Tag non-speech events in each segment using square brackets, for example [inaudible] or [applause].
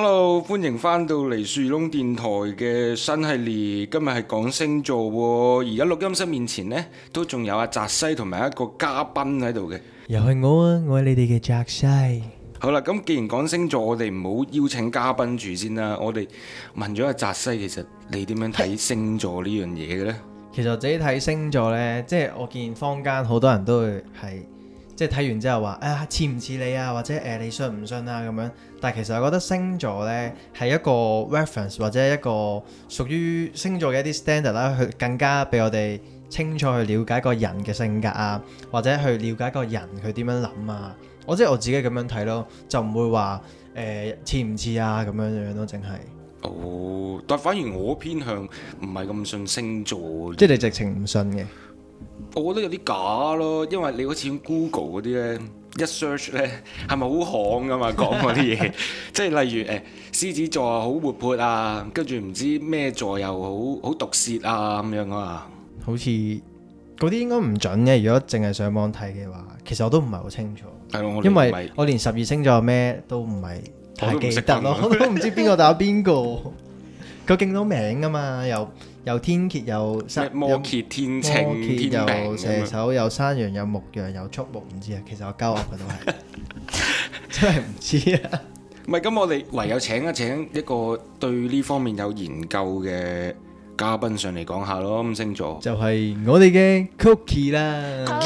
Hello，歡迎翻到嚟樹窿電台嘅新系列，今日係講星座喎。而家錄音室面前呢，都仲有阿澤西同埋一個嘉賓喺度嘅，又係我啊，我係你哋嘅澤西。好啦，咁既然講星座，我哋唔好邀請嘉賓住先啦。我哋問咗阿澤西，其實你點樣睇星座呢樣嘢嘅呢？其實我自己睇星座呢，即係我見坊間好多人都會係。即係睇完之後話，啊似唔似你啊，或者誒、呃、你信唔信啊咁樣？但係其實我覺得星座咧係一個 reference 或者一個屬於星座嘅一啲 standard 啦，去更加俾我哋清楚去了解個人嘅性格啊，或者去了解個人佢點樣諗啊。我即係我自己咁樣睇咯，就唔會話誒似唔似啊咁樣樣咯，淨係。哦，但反而我偏向唔係咁信星座，即係你直情唔信嘅？我覺得有啲假咯，因為你好似用 Google 嗰啲咧，一 search 咧，係咪好行噶嘛？講嗰啲嘢， [laughs] 即係例如誒，獅子座好活潑啊，跟住唔知咩座又好好毒舌啊咁樣啊，好似嗰啲應該唔準嘅。如果淨係上網睇嘅話，其實我都唔係好清楚。因為我連十二星座咩都唔係太記得咯，都唔知邊個打邊個，佢記唔到名噶嘛又。有天蠍，有山，有天秤，有射手，有山羊，有牧羊，有畜牧，唔知啊。其實我交惡嘅都係，真係唔知啊。唔係咁，我哋唯有請一請一個對呢方面有研究嘅嘉賓上嚟講下咯。咁星座就係我哋嘅 Cookie 啦。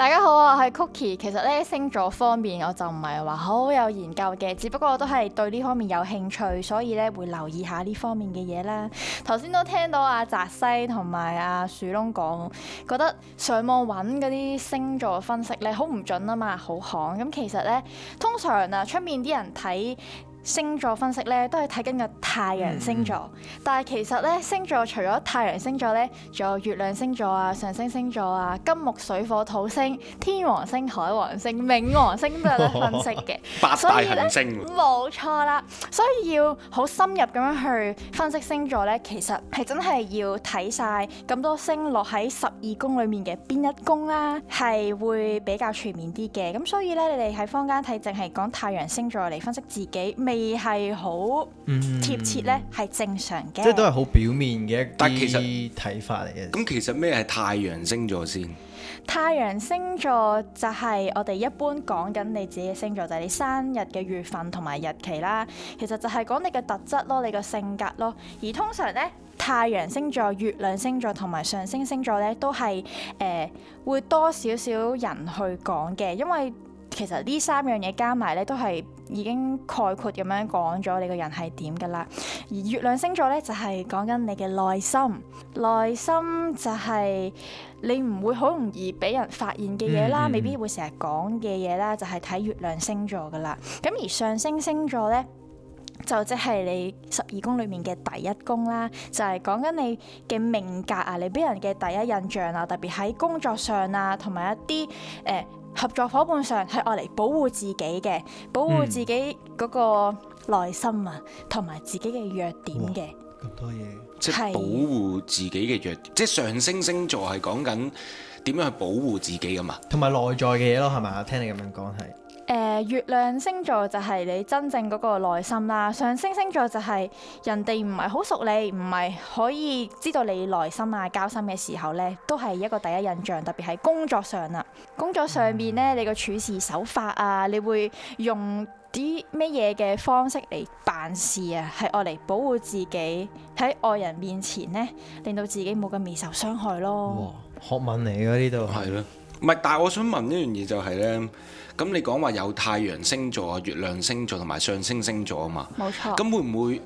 大家好啊，我係 Cookie。其實咧星座方面我就唔係話好有研究嘅，只不過都係對呢方面有興趣，所以咧會留意下呢方面嘅嘢啦。頭先都聽到阿、啊、澤西同埋阿鼠窿講，覺得上網揾嗰啲星座分析咧好唔準啊嘛，好行。咁其實咧，通常啊出面啲人睇。星座分析咧都係睇緊個太陽星座，嗯、但係其實咧星座除咗太陽星座咧，仲有月亮星座啊、上升星，星座啊、金木水火土星、天王星、海王星、冥王星都有得分析嘅。 [laughs] 八大行星冇錯啦，所以要好深入咁樣去分析星座咧，其實係真係要睇晒咁多星落喺十二宮裏面嘅邊一宮啦、啊，係會比較全面啲嘅。咁所以咧，你哋喺坊間睇淨係講太陽星座嚟分析自己。係係好貼切咧，係、嗯、正常嘅。即係都係好表面嘅一啲，但其實睇法嚟嘅。咁其實咩係太陽星座先？太陽星座就係我哋一般講緊你自己嘅星座，就係、是、你生日嘅月份同埋日期啦。其實就係講你嘅特質咯，你嘅性格咯。而通常咧，太陽星座、月亮星座同埋上升星,星座咧，都係誒、呃、會多少少人去講嘅，因為。其實呢三樣嘢加埋咧，都係已經概括咁樣講咗你個人係點噶啦。而月亮星座咧，就係、是、講緊你嘅內心，內心就係你唔會好容易俾人發現嘅嘢啦，嗯嗯，未必會成日講嘅嘢啦，就係、是、睇月亮星座噶啦。咁而上升星,星座咧，就即係你十二宮裡面嘅第一宮啦，就係、是、講緊你嘅命格啊，你俾人嘅第一印象啊，特別喺工作上啊，同埋一啲誒。呃合作伙伴上係愛嚟保護自己嘅，保護自己嗰個內心啊，同埋自己嘅弱點嘅。咁多嘢，即係係，保護自己嘅弱點，即係上升星,星座係講緊點樣去保護自己㗎嘛，同埋內在嘅嘢咯，係咪啊？我聽你咁樣講係。誒，月亮星座就係你真正嗰個內心啦，上升星座就係人哋唔係好熟你，唔係可以知道你內心啊，交心嘅時候呢，都係一個第一印象，特別係工作上啦。工作上面呢，你個處事手法啊，你會用啲咩嘢嘅方式嚟辦事啊，係愛嚟保護自己喺外人面前呢，令到自己冇咁易受傷害咯。哇，學問嚟呢度。係咯。唔係，但係我想問一樣嘢就係、是、咧，咁你講話有太陽星座、月亮星座同埋上升星，星座啊嘛，冇錯。咁會唔會誒、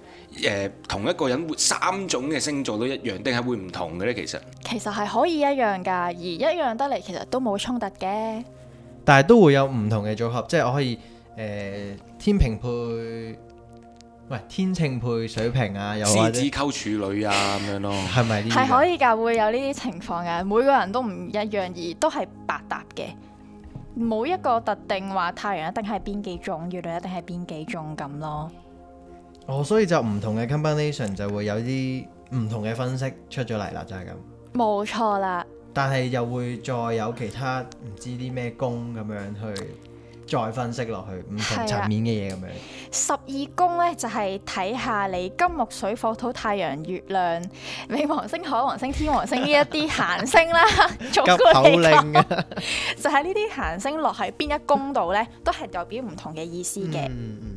呃、同一個人會三種嘅星座都一樣，定係會唔同嘅咧？其實其實係可以一樣㗎，而一樣得嚟其實都冇衝突嘅，但係都會有唔同嘅組合，即係我可以誒、呃、天平配。喂，天秤配水瓶啊，獅子溝處女啊咁 [laughs] 樣咯，係咪？係可以噶，會有呢啲情況噶，每個人都唔一樣，而都係百搭嘅，冇一個特定話太陽一定係邊幾種，月亮一定係邊幾種咁咯。哦，所以就唔同嘅 combination 就會有啲唔同嘅分析出咗嚟啦，就係、是、咁。冇錯啦。但係又會再有其他唔知啲咩宮咁樣去。再分析落去唔同層面嘅嘢，咁樣、啊、你十二宮呢，就係、是、睇下你金木水火土太陽月亮、冥王星、海王星、天王星呢一啲行星啦，各個地方就係呢啲行星落喺邊一宮度呢， [laughs] 都係代表唔同嘅意思嘅。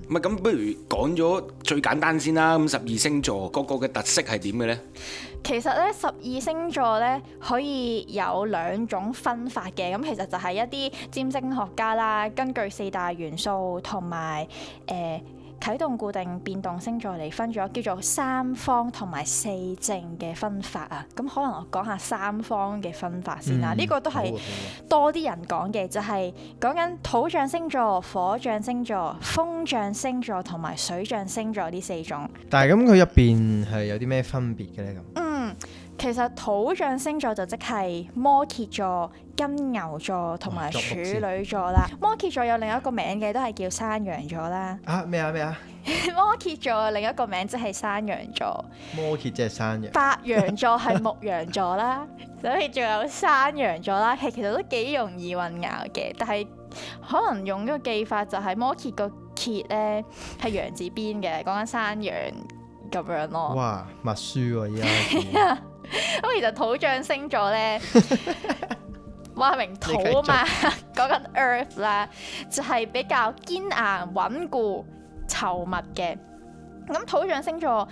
唔係咁，不如講咗最簡單先啦。咁十二星座各、那個嘅特色係點嘅呢？其實咧十二星座咧可以有兩種分法嘅，咁其實就係一啲占星學家啦，根據四大元素同埋誒啟動、固定、變動星座嚟分咗，叫做三方同埋四正嘅分法啊。咁可能我講下三方嘅分法先啦。呢、嗯、個都係多啲人講嘅，嗯、就係講緊土象星座、火象星座、風象星座同埋水象星座呢四種。但係咁佢入邊係有啲咩分別嘅咧？咁？其實土象星座就即係摩羯座、金牛座同埋處女座啦。摩羯座有另一個名嘅，都係叫山羊座啦。啊咩啊咩啊！摩羯、啊啊、 [laughs] 座另一個名即係山羊座。摩羯即係山羊。白羊座係牧羊座啦，所以仲有山羊座啦。其實都幾容易混淆嘅，但係可能用呢個技法就係摩羯個羯咧係羊字邊嘅，講緊山羊。咁樣咯，哇，密書而家咁，咁 [laughs] 其實土象星座咧，話 [laughs] 明土啊嘛，講緊 [laughs] earth 啦，就係、是、比較堅硬、穩固、稠密嘅。咁土象星座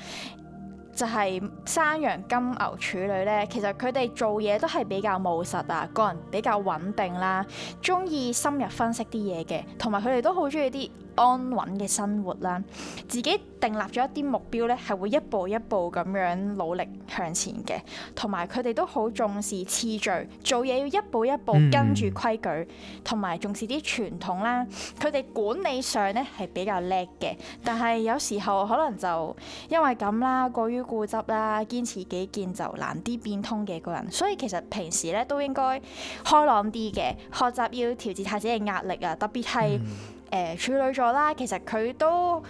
就係山羊、金牛、處女咧，其實佢哋做嘢都係比較務實啊，個人比較穩定啦，中意深入分析啲嘢嘅，同埋佢哋都好中意啲。安穩嘅生活啦，自己訂立咗一啲目標咧，係會一步一步咁樣努力向前嘅，同埋佢哋都好重視次序，做嘢要一步一步跟住規矩，同埋重視啲傳統啦。佢哋管理上咧係比較叻嘅，但係有時候可能就因為咁啦，過於固執啦，堅持己見就難啲變通嘅個人，所以其實平時咧都應該開朗啲嘅，學習要調節下自己嘅壓力啊，特別係。誒、呃、處女座啦，其實佢都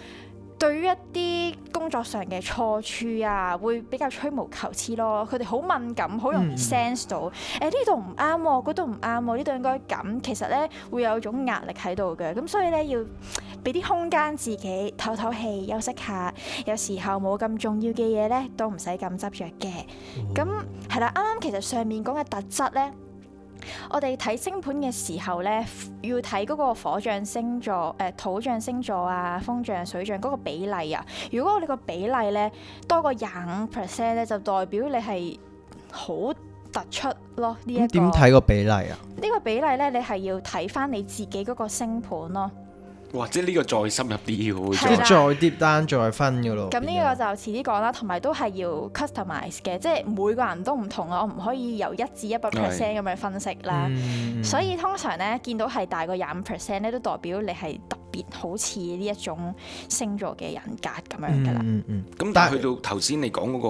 對於一啲工作上嘅錯處啊，會比較吹毛求疵咯。佢哋好敏感，好容易 sense 到誒呢度唔啱，嗰度唔啱，呢度、呃啊啊、應該咁。其實咧會有種壓力喺度嘅，咁所以咧要俾啲空間自己透透氣，休息下。有時候冇咁重要嘅嘢咧，都唔使咁執着嘅。咁係啦，啱啱其實上面講嘅特質咧。我哋睇星盤嘅時候咧，要睇嗰個火象星座，誒土象星座啊，風象、水象嗰個比例啊。如果你個比例咧多過廿五 percent 咧，就代表你係好突出咯。呢、這、一個點睇個比例啊？呢個比例咧，你係要睇翻你自己嗰個星盤咯。或者呢個再深入啲嘅，啊、會再即再 deep down 再分嘅咯。咁呢個就遲啲講啦，同埋都係要 customise 嘅，即係每個人都唔同啊！我唔可以由一至一百 percent 咁樣分析啦。嗯、所以通常咧，見到係大過廿五 percent 咧，都代表你係好似呢一種星座嘅人格咁樣噶啦、嗯，咁、嗯嗯、但係去到頭先你講嗰個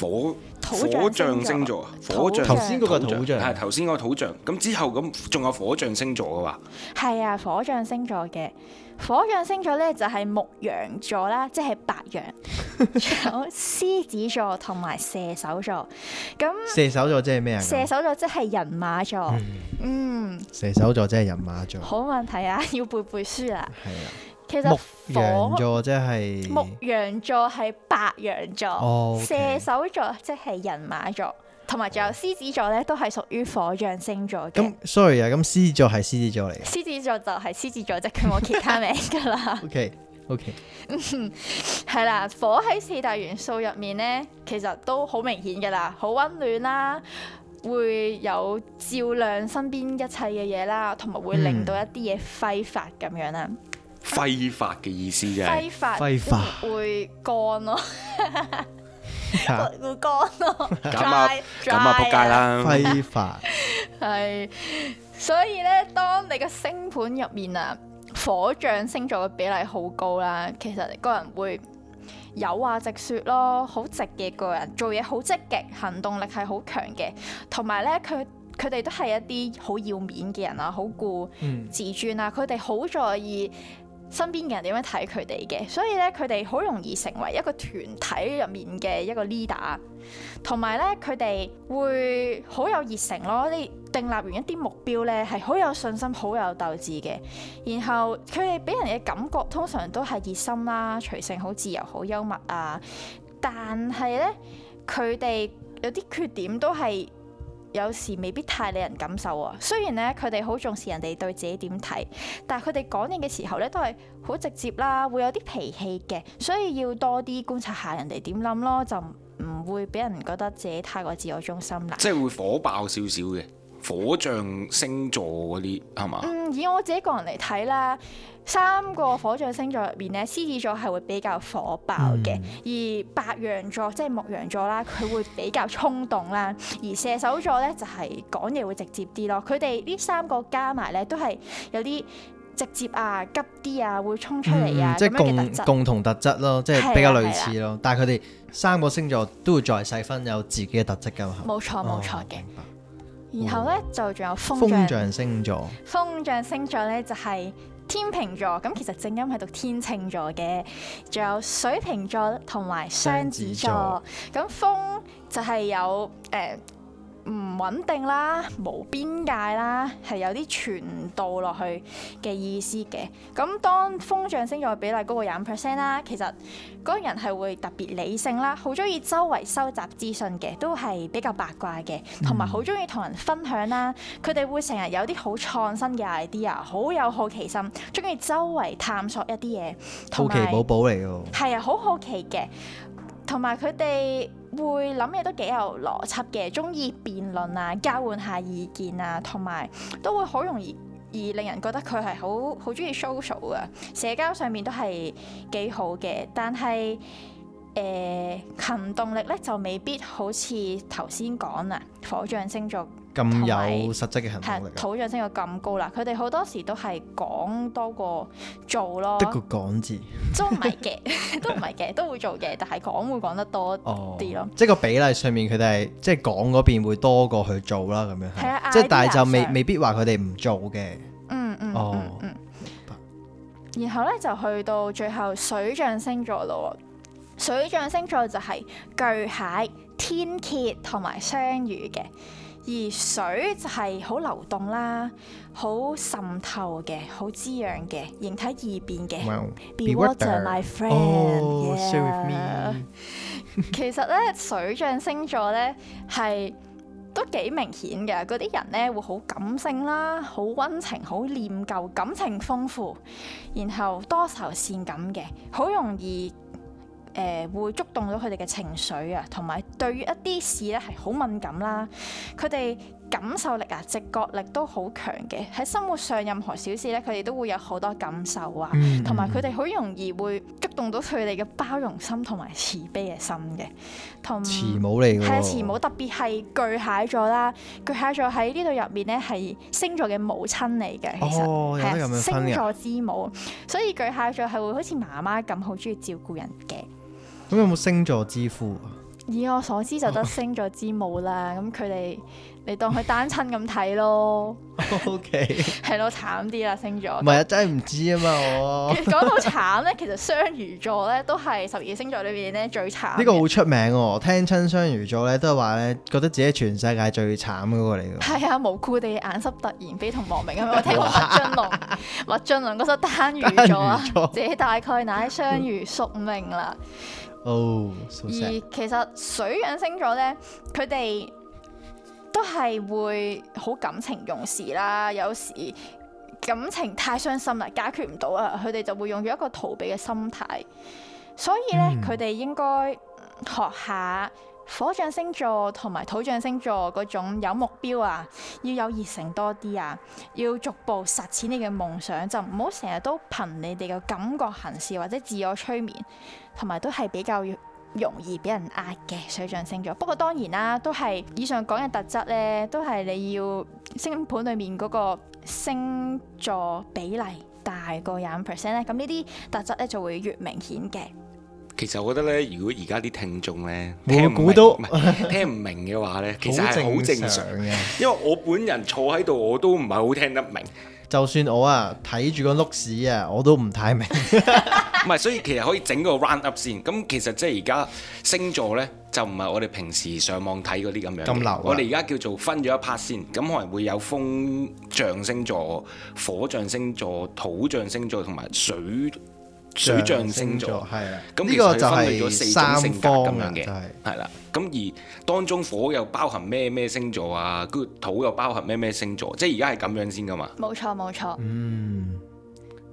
火火象星座，火象、頭先嗰個土象係頭先嗰個土象，咁之後咁仲有火象星座嘅話，係啊，火象星座嘅。火象星座咧就係木羊座啦，即係白羊， [laughs] 有獅子座同埋射手座。咁射手座即係咩啊？射手座即係人馬座。嗯，射手座即係人馬座。好問題啊，要背背書啦。係啊，其實木羊座即係木羊座係白羊座，哦 okay、射手座即係人馬座。同埋，仲有獅子座咧，都係屬於火象星座嘅。咁，sorry 啊，咁獅子座係獅子座嚟。獅子座就係獅子座，即佢冇其他名㗎啦。OK，OK。係啦，火喺四大元素入面咧，其實都好明顯㗎啦，好溫暖啦、啊，會有照亮身邊一切嘅嘢啦，同埋會令到一啲嘢揮發咁樣啦。嗯、 [laughs] 揮發嘅意思啫、就係，揮發，揮發會乾咯。 [laughs] [laughs] 會乾咯了，咁啊咁啊扑街啦，揮發係。所以咧，當你嘅星盤入面啊，火象星座嘅比例好高啦，其實個人會有話直說咯，好直嘅個人做嘢好積極，行動力係好強嘅，同埋咧，佢佢哋都係一啲好要面嘅人啊，好顧、嗯、自尊啊，佢哋好在意。身邊嘅人點樣睇佢哋嘅，所以咧，佢哋好容易成為一個團體入面嘅一個 leader，同埋咧，佢哋會好有熱誠咯。你訂立完一啲目標咧，係好有信心、好有鬥志嘅。然後佢哋俾人嘅感覺通常都係熱心啦，隨性、好自由、好幽默啊。但係咧，佢哋有啲缺點都係。有時未必太令人感受啊。雖然咧佢哋好重視人哋對自己點睇，但係佢哋講嘢嘅時候咧都係好直接啦，會有啲脾氣嘅，所以要多啲觀察下人哋點諗咯，就唔會俾人覺得自己太過自我中心啦。即係會火爆少少嘅。火象星座嗰啲係嘛？嗯，以我自己個人嚟睇啦，三個火象星座入邊咧，獅子座係會比較火爆嘅，嗯、而白羊座即係牧羊座啦，佢會比較衝動啦，而射手座咧就係講嘢會直接啲咯。佢哋呢三個加埋咧都係有啲直接啊、急啲啊、會衝出嚟啊，嗯、即係共共同特質咯，即係比較類似咯。但係佢哋三個星座都會再細分有自己嘅特質噶嘛，冇錯冇錯嘅。然後咧就仲有風象，風象星座，風象星座咧就係、是、天秤座，咁其實正音係讀天秤座嘅，仲有水瓶座同埋雙子座，咁風就係有誒。欸唔穩定啦，無邊界啦，係有啲傳導落去嘅意思嘅。咁當風象星座比例高過廿五 percent 啦，其實嗰個人係會特別理性啦，好中意周圍收集資訊嘅，都係比較八卦嘅，同埋好中意同人分享啦。佢哋、嗯、會成日有啲好創新嘅 idea，好有好奇心，中意周圍探索一啲嘢。好奇寶寶嚟㗎。係啊，好好奇嘅。同埋佢哋會諗嘢都幾有邏輯嘅，中意辯論啊，交換下意見啊，同埋都會好容易而令人覺得佢係好好中意 social 嘅，社交上面都係幾好嘅。但係誒，行動力咧就未必好似頭先講啦，火象星座。咁有實質嘅行動力土象星座咁高啦。佢哋好多時都係講多過做咯，得個講字 [laughs] 都唔係嘅，都唔係嘅，都會做嘅，但係講會講得多啲咯、哦。即係個比例上面，佢哋係即係講嗰邊會多過去做啦。咁樣係，即係但係就未上未必話佢哋唔做嘅、嗯。嗯嗯嗯、哦、嗯。嗯嗯然後咧就去到最後水象星座咯。水象星座就係巨蟹、天蠍同埋雙魚嘅。而水就係好流動啦，好滲透嘅，好滋養嘅，形體易變嘅 Wow.，Be water my friend，其實咧，水象星座咧係都幾明顯嘅，嗰啲人咧會好感性啦，好溫情，好念舊，感情豐富，然後多愁善感嘅，好容易。誒會觸動到佢哋嘅情緒啊，同埋對於一啲事咧係好敏感啦。佢哋感受力啊、直覺力都好強嘅。喺生活上任何小事咧，佢哋都會有好多感受啊。同埋佢哋好容易會觸動到佢哋嘅包容心同埋慈悲嘅心嘅。同慈母嚟㗎，係啊，慈母特別係巨蟹座啦。巨蟹座喺呢度入面咧係星座嘅母親嚟嘅，哦、其實係啊、星座之母。所以巨蟹座係會好似媽媽咁好中意照顧人嘅。咁有冇星座之父？啊？以我所知就得星座之母啦。咁佢哋，你當佢單親咁睇咯。O K，係咯，慘啲啦，星座。唔係啊，真係唔知啊嘛。我講 [laughs] 到慘咧，其實雙魚座咧都係十二星座裏邊咧最慘。呢個好出名喎、哦，聽親雙魚座咧都係話咧，覺得自己全世界最慘嗰、那個嚟嘅。係 [laughs] 啊，無故地眼濕，突然悲痛莫名咁樣。哇我聽過麥浚龍，麥浚龍嗰首《單魚座》啊， [laughs] 自己大概乃雙魚宿命啦。 [laughs] [laughs] 哦，oh, so，而其實水象星座咧，佢哋都係會好感情用事啦，有時感情太傷心啦，解決唔到啊，佢哋就會用咗一個逃避嘅心態，所以咧，佢哋應該學下。火象星座同埋土象星座嗰種有目標啊，要有熱誠多啲啊，要逐步實踐你嘅夢想，就唔好成日都憑你哋嘅感覺行事或者自我催眠，同埋都係比較容易俾人呃嘅水象星座。不過當然啦，都係以上講嘅特質咧，都係你要星盤裏面嗰個星座比例大過廿五 percent 咧，咁呢啲特質咧就會越明顯嘅。其實我覺得咧，如果而家啲聽眾咧，聽我估都聽唔明嘅話咧， [laughs] 其實係好正常嘅。 [laughs] 因為我本人坐喺度，我都唔係好聽得明。 [laughs] 就算我啊睇住個碌屎啊，我都唔太明。唔 [laughs] 係， [laughs] 所以其實可以整個 round up 先。咁其實即係而家星座咧，就唔係我哋平時上網睇嗰啲咁樣。咁流。我哋而家叫做分咗一 part 先。咁可能會有風象星座、火象星座、土象、象星座同埋水。水象星座，係啊，咁而佢分類咗四正星座咁樣嘅，係啦。咁、嗯、而當中火又包含咩咩星座啊？跟住土又包含咩咩星座？即係而家係咁樣先㗎嘛？冇錯冇錯，錯，嗯，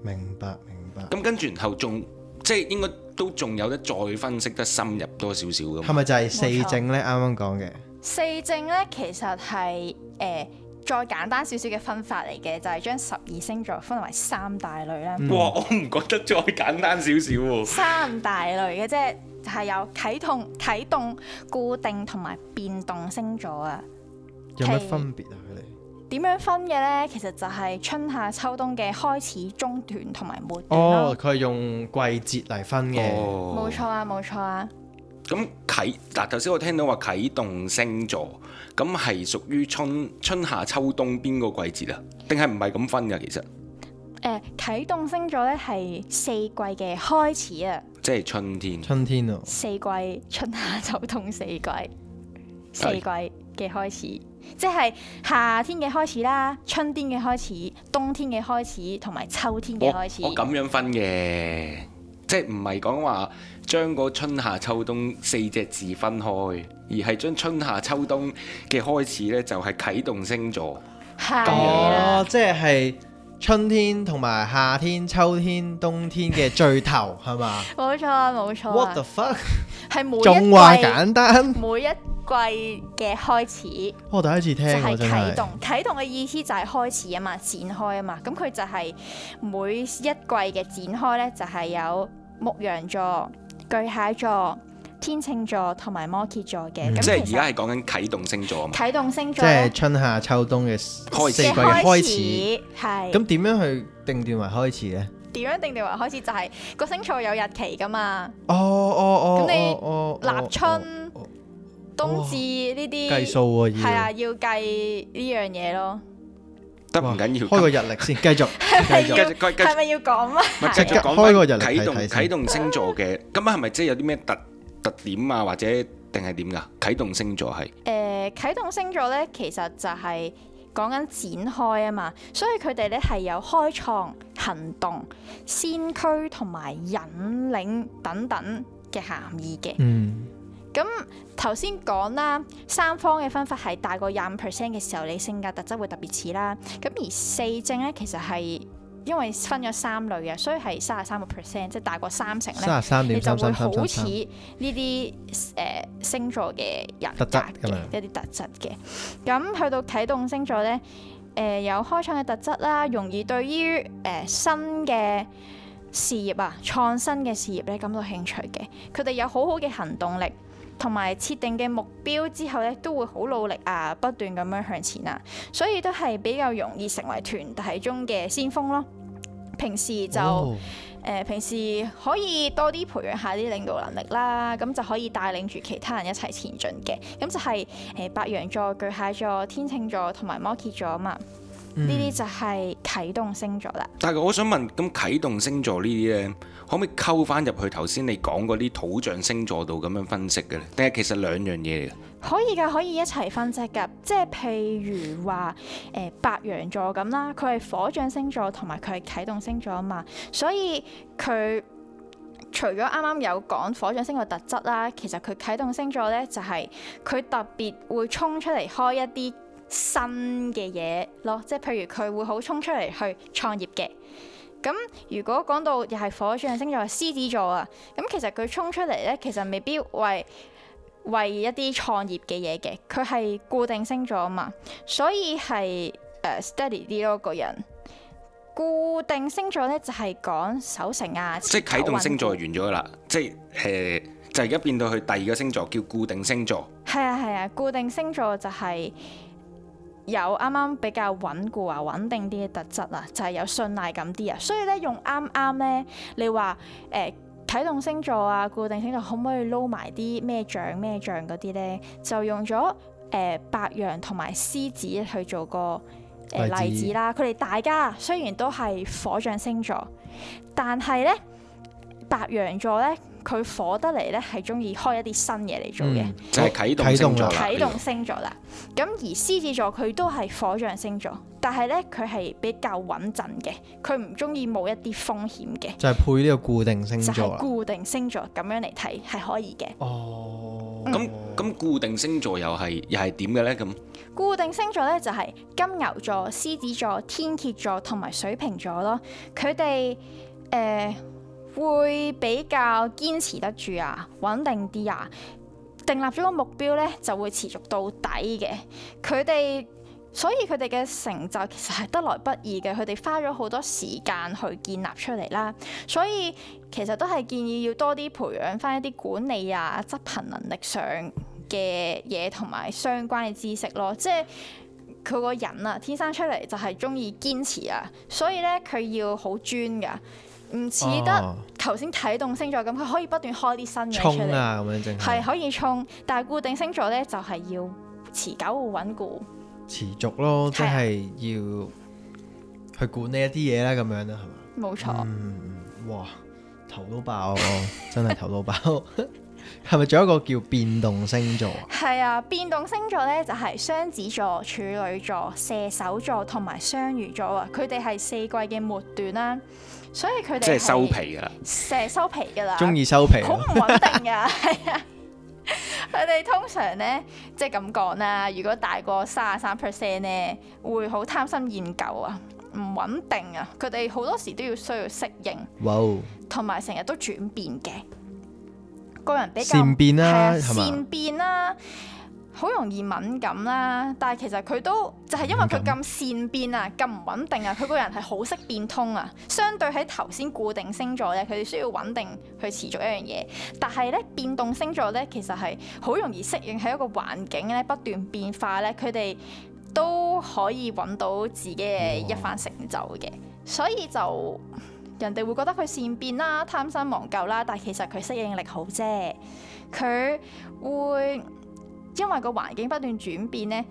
明白明白。咁、嗯、跟住然後仲即係應該都仲有得再分析得深入多少少咁。係咪就係四正咧？啱啱講嘅四正咧，其實係誒。呃再簡單少少嘅分法嚟嘅，就係將十二星座分為三大類啦。嗯、哇！我唔覺得再簡單少少 [laughs] 三大類嘅啫，就係、係、有啟動、啟動、固定同埋變動星座啊。有咩分別啊？佢哋點樣分嘅呢？其實就係春夏秋冬嘅開始、中段同埋末段。哦，佢係用季節嚟分嘅。哦、冇錯啊，冇錯啊。咁啟、嗱、頭先我聽到話啟動星座。咁係屬於春春夏秋冬邊個季節啊？定係唔係咁分㗎？其實誒、呃，啟動星座咧係四季嘅開始啊！即係春天，春天啊、哦！四季春夏秋冬四季，四季嘅開始，是即係夏天嘅開始啦、啊，春天嘅開始，冬天嘅開始，同埋秋天嘅開始。我咁樣分嘅，即係唔係講話。將個春夏秋冬四隻字分開，而係將春夏秋冬嘅開始呢，就係啟動星座。啊、哦，即係春天同埋夏天、秋天、冬天嘅最頭係嘛？冇 [laughs] 吧錯啊，冇錯 What the fuck？係仲話簡單，每一季嘅開始、哦。我第一次聽，就係啟動。啟動嘅意思就係開始啊嘛，展開啊嘛。咁佢就係每一季嘅展開呢，就係、是、有牧羊座。巨蟹座、天秤座同埋摩羯座嘅，即係而家係講緊啟動星座嘛，啟動星座即係春夏秋冬嘅開四季開始，係始。咁點樣去定段為開始咧？點樣定段為開始就係、是、個星座有日期㗎嘛？哦哦哦，咁、哦哦、你立春、哦哦、冬至呢啲計數喎，係、哦、啊，啊，要計呢樣嘢咯。得唔緊要、哦，開個日曆先，繼 [laughs] 續，繼續，係咪要講啊？唔係，繼續講翻開個日曆，啟動啟動星座嘅， [laughs] 今晚係咪即係有啲咩特特點啊，或者定係點噶？啟動星座係誒，呃、啟動星座咧，其實就係講緊展開啊嘛，所以佢哋咧係有開創、行動、先驅同埋引領等等嘅含義嘅。嗯。咁頭先講啦，三方嘅分法係大過廿五 percent 嘅時候，你性格特質會特別似啦。咁而四正咧，其實係因為分咗三類嘅，所以係三十三個 percent，即係大過三成咧，三十三。你就會好似呢啲誒星座嘅人格嘅一啲特質嘅。咁、嗯、去到啟動星座咧，誒、呃、有開創嘅特質啦，容易對於誒、呃、新嘅事業啊、創新嘅事業咧感到興趣嘅。佢哋有好好嘅行動力，同埋設定嘅目標之後咧，都會好努力啊，不斷咁樣向前啊，所以都係比較容易成為團體中嘅先鋒咯。平時就誒，oh. 平時可以多啲培養下啲領導能力啦，咁就可以帶領住其他人一齊前進嘅。咁就係誒白羊座、巨蟹座、天秤座同埋摩羯座啊嘛。呢啲、嗯、就係啟動星座啦。但係我想問，咁啟、呃、啟，啟動星座呢啲咧，可唔可以溝翻入去頭先你講嗰啲土象星座度咁樣分析嘅咧？定係其實兩樣嘢嚟㗎？可以㗎，可以一齊分析㗎。即係譬如話，誒白羊座咁啦，佢係火象星座同埋佢係啟動星座啊嘛。所以佢除咗啱啱有講火象星座特質啦，其實佢啟動星座咧就係、是、佢特別會衝出嚟開一啲。新嘅嘢咯，即係譬如佢會好衝出嚟去創業嘅。咁如果講到又係火象星座係獅子座啊，咁其實佢衝出嚟咧，其實未必為為一啲創業嘅嘢嘅。佢係固定星座啊嘛，所以係誒、uh, steady 啲咯。個人固定星座咧就係、是、講守成啊，即係啟動星座完咗啦，即係誒、呃、就而、是、家變到去第二個星座叫固定星座。係啊係啊，固定星座就係、是。有啱啱比較穩固啊、穩定啲嘅特質啊，就係、是、有信賴感啲啊，所以咧用啱啱咧，你話誒啟動星座啊、固定星座可唔可以撈埋啲咩象咩象嗰啲咧？就用咗誒、呃、白羊同埋獅子去做個誒、呃、子例子啦。佢哋大家雖然都係火象星座，但係咧。白羊座咧，佢火得嚟咧，係中意開一啲新嘢嚟做嘅，嗯，就係、是、啟動星座啦。啟動星座啦。咁而獅子座佢都係火象星座，但係咧佢係比較穩陣嘅，佢唔中意冇一啲風險嘅。就係配呢個固定星座啦。就固定星座咁樣嚟睇係可以嘅。哦。咁咁、嗯、固定星座又係又係點嘅咧？咁固定星座咧就係金牛座、獅子座、天蠍座同埋水瓶座咯。佢哋誒。呃會比較堅持得住啊，穩定啲啊，訂立咗個目標咧，就會持續到底嘅。佢哋所以佢哋嘅成就其實係得來不易嘅，佢哋花咗好多時間去建立出嚟啦。所以其實都係建議要多啲培養返一啲管理啊、執行能力上嘅嘢，同埋相關嘅知識咯。即係佢個人啊，天生出嚟，就係中意堅持啊，所以咧佢要好專㗎。唔似得頭先啟動星座咁，佢可以不斷開啲新嘢出嚟，係、啊、可以衝，但係固定星座咧就係要持久會穩固持續咯，即係要去管理一啲嘢啦，咁樣啦，係嘛？冇錯，嗯嗯，哇，頭都爆， [laughs] 真係頭都爆，係咪仲有一個叫變動星座？係 [laughs] 啊，變動星座咧就係雙子座、處女座、射手座同埋雙魚座啊，佢哋係四季嘅末段啦。所以佢哋即係收皮噶啦，成日收皮噶啦，中意收皮，好唔穩定噶，係啊。佢哋通常咧，即係咁講啦。如果大過卅三 percent 咧，會好貪新厭舊啊，唔穩定啊。佢哋好多時都要需要適應，哇，同埋成日都轉變嘅，個人比較善變啦，係嘛，善變啦。好容易敏感啦，但係其實佢都就係、是、因為佢咁善變啊，咁唔感穩定啊，佢個人係好識變通啊。相對喺頭先固定星座咧，佢哋需要穩定去持續一樣嘢，但係咧變動星座咧，其實係好容易適應喺一個環境咧不斷變化咧，佢哋都可以揾到自己嘅一番成就嘅。哦、所以就人哋會覺得佢善變啦、貪新忘舊啦，但係其實佢適應力好啫，佢會。因為個環境不斷轉變咧，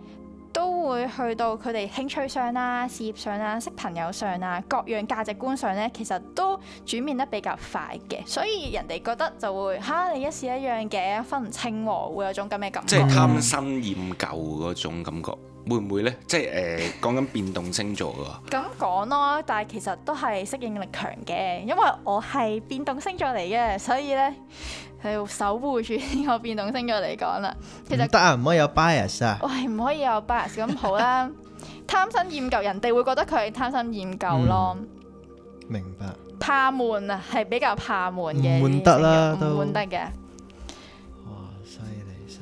都會去到佢哋興趣上啦、啊、事業上啦、啊、識朋友上啊、各樣價值觀上咧，其實都轉變得比較快嘅，所以人哋覺得就會嚇、啊、你一時一樣嘅分唔清喎、啊，會有種咁嘅感覺。即係貪新厭舊嗰種感覺，會唔會呢？即係誒、呃、講緊變動星座喎。咁講咯，但係其實都係適應力強嘅，因為我係變動星座嚟嘅，所以咧。係要守護住呢個變動星座嚟講啦，其實得啊，唔可以有 bias 啊，喂，唔可以有 bias 咁好啦，貪新厭舊，人哋會覺得佢係貪新厭舊咯。明白。怕悶啊，係比較怕悶嘅。悶得啦，都悶得嘅。哇，犀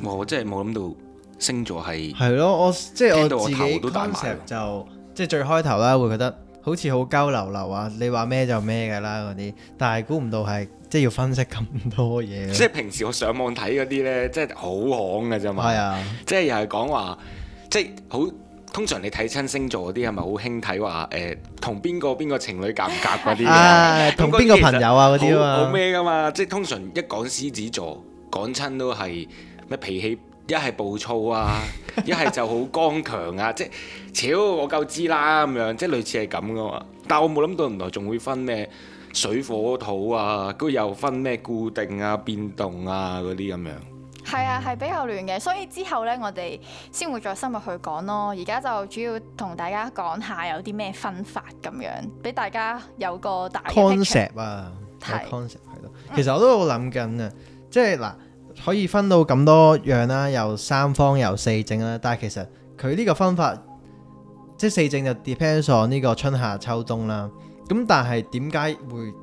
利！我真係冇諗到星座係係咯，我即係我自己，其實就即係最開頭啦，會覺得好似好交流流啊，你話咩就咩噶啦嗰啲，但係估唔到係。即係要分析咁多嘢，即係平時我上網睇嗰啲呢，即係好巷㗎啫嘛。係是啊即，即係又係講話，即係好通常你睇親星座嗰啲係咪好興睇話誒，同邊個邊個情侶夾唔夾嗰啲同邊個朋友啊嗰啲啊？好咩噶嘛？即係通常一講獅子座，講親都係咩脾氣？一係暴躁啊，一係 [laughs] 就好剛強啊。即係，超我夠知啦咁樣，即係類似係咁噶嘛。但我冇諗到，原來仲會分咩？水火土啊，嗰又分咩固定啊、變動啊嗰啲咁樣。係啊，係、嗯、比較亂嘅，所以之後呢，我哋先會再深入去講咯。而家就主要同大家講下有啲咩分法咁樣，俾大家有個大嘅 concept 啊。是 concept 係咯。其實我都好諗緊啊，嗯、即係嗱，可以分到咁多樣啦，又三方又四正啦。但係其實佢呢個分法，即係四正就 depends on 呢個春夏秋冬啦。咁但係點解會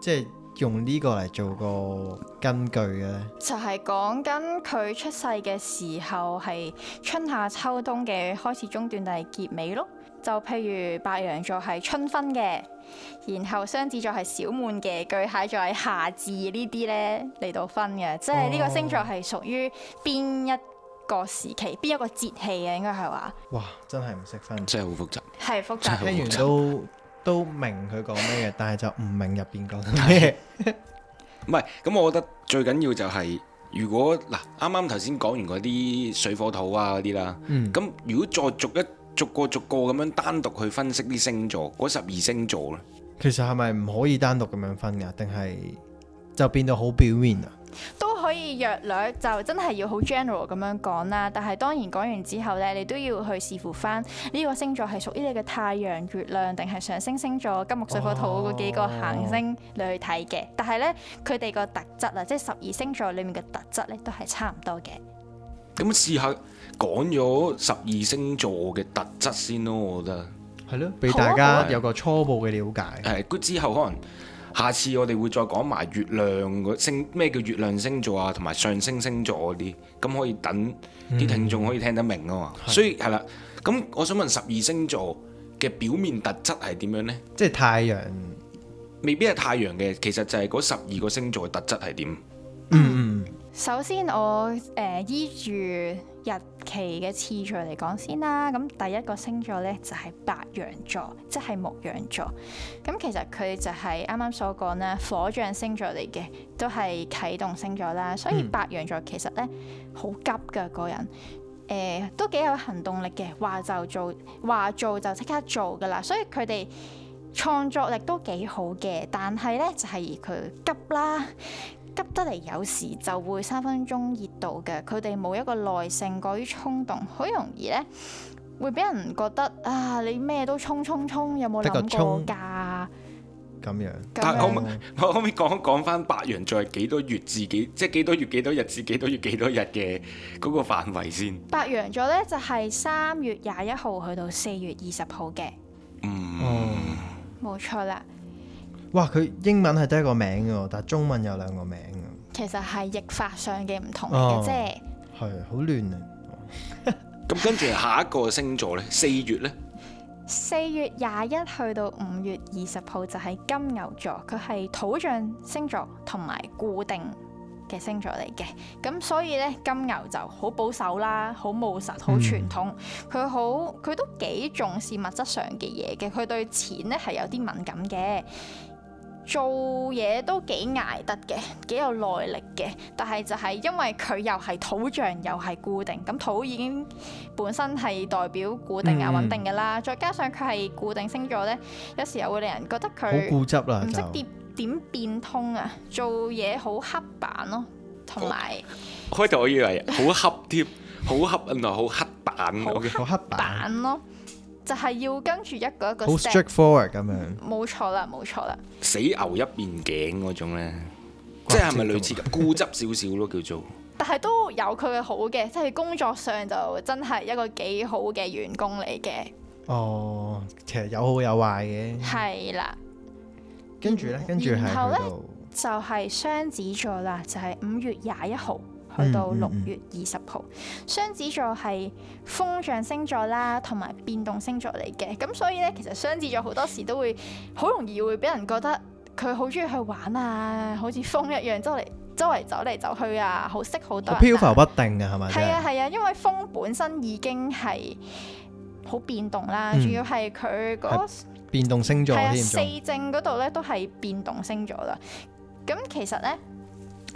即係、就是、用呢個嚟做個根據嘅咧？就係講緊佢出世嘅時候係春夏秋冬嘅開始、中段定係結尾咯。就譬如白羊座係春分嘅，然後雙子座係小滿嘅，巨蟹座係夏至呢啲咧嚟到分嘅，即係呢個星座係屬於邊一個時期、邊一個節氣嘅、啊，應該係話。哇！真係唔識分，真係好複雜。係複雜，複雜聽完都～都明佢講咩嘢，但係就唔明入邊講咩。唔係， [laughs] 咁 [noise] 我覺得最緊要就係，如果嗱啱啱頭先講完嗰啲水火土啊嗰啲啦，咁、嗯、如果再逐一逐個逐個咁樣單獨去分析啲星座，嗰十二星座咧，其實係咪唔可以單獨咁樣分噶？定係就變到好表面啊？都可以約略，就真係要好 general 咁樣講啦，但係當然講完之後咧，你都要去視乎翻呢個星座係屬於你嘅太陽、月亮定係上升星、星座、金木水火土嗰幾個行星你去睇嘅。哦、但係咧，佢哋個特質啊，即係十二星座裏面嘅特質咧，都係差唔多嘅。咁試下講咗十二星座嘅特質先咯，啊，我覺得係咯，俾了大家，啊啊、有個初步嘅了解。誒，之後可能。下次我哋會再講埋月亮個星，咩叫月亮星座啊，同埋上升星座嗰啲，咁可以等啲聽眾可以聽得明啊嘛。嗯、所以係啦，咁的我想問十二星座嘅表面特質係點樣呢？即係太陽，未必係太陽嘅，其實就係嗰十二個星座嘅特質係點。嗯、首先我誒、呃、依住。日期嘅次序嚟講先啦，咁第一個星座咧就係、是、白羊座，即係牧羊座。咁其實佢就係啱啱所講啦，火象星座嚟嘅，都係啟動星座啦。所以白羊座其實咧好急㗎個人，誒、呃、都幾有行動力嘅，話就做，話做就即刻做㗎啦。所以佢哋創作力都幾好嘅，但係咧就係、是、佢急啦。急得嚟，有時就會三分鐘熱度嘅。佢哋冇一個耐性，過於衝動，好容易咧會俾人覺得啊，你咩都衝衝衝，有冇諗過噶？咁樣。但係我我可唔可以講講翻白羊座係幾多月至幾，即係幾多月幾多日至，幾多月幾多日嘅嗰個範圍先。白羊座咧就係三月廿一號去到四月二十號嘅。嗯，冇錯啦。哇！佢英文係得一個名嘅，但係中文有兩個名。其實係譯法上嘅唔同嘅，啫、哦，係好亂啊！咁跟住下一個星座咧，四月咧，四月廿一去到五月二十號就係金牛座，佢係土象星座同埋固定嘅星座嚟嘅。咁所以咧，金牛就好保守啦，好務實，好傳統。佢好佢都幾重視物質上嘅嘢嘅，佢對錢咧係有啲敏感嘅。做嘢都幾捱得嘅，幾有耐力嘅，但係就係因為佢又係土象，又係固定，咁土已經本身係代表固定啊穩定嘅啦，嗯、再加上佢係固定星座呢，有時又會令人覺得佢好固執啦，唔識跌點變通啊，就 做嘢好刻板咯，同埋開頭我以為好合貼，好合啊，好刻板，好刻板咯。就係要跟住一個一個 set，冇錯啦，冇錯啦，死牛一面頸嗰種咧，哇即係咪類似咁？ [laughs] 固執少少咯，叫做。但係都有佢嘅好嘅，即係工作上就真係一個幾好嘅員工嚟嘅。哦，其實有好有壞嘅。係啦，跟住咧，跟住係，然後咧就係雙子座啦，就係五月廿一號。去到六月二十號，雙、嗯嗯、子座係風象星座啦，同埋變動星座嚟嘅，咁所以咧，其實雙子座好多時都會好容易會俾人覺得佢好中意去玩啊，好似風一樣，周嚟周圍走嚟走去啊，好識好多、啊，漂浮不定嘅係咪？係啊係啊，因為風本身已經係好變動啦，仲、嗯、要係佢嗰變動星座，係啊，四正嗰度咧都係變動星座啦。咁其實咧。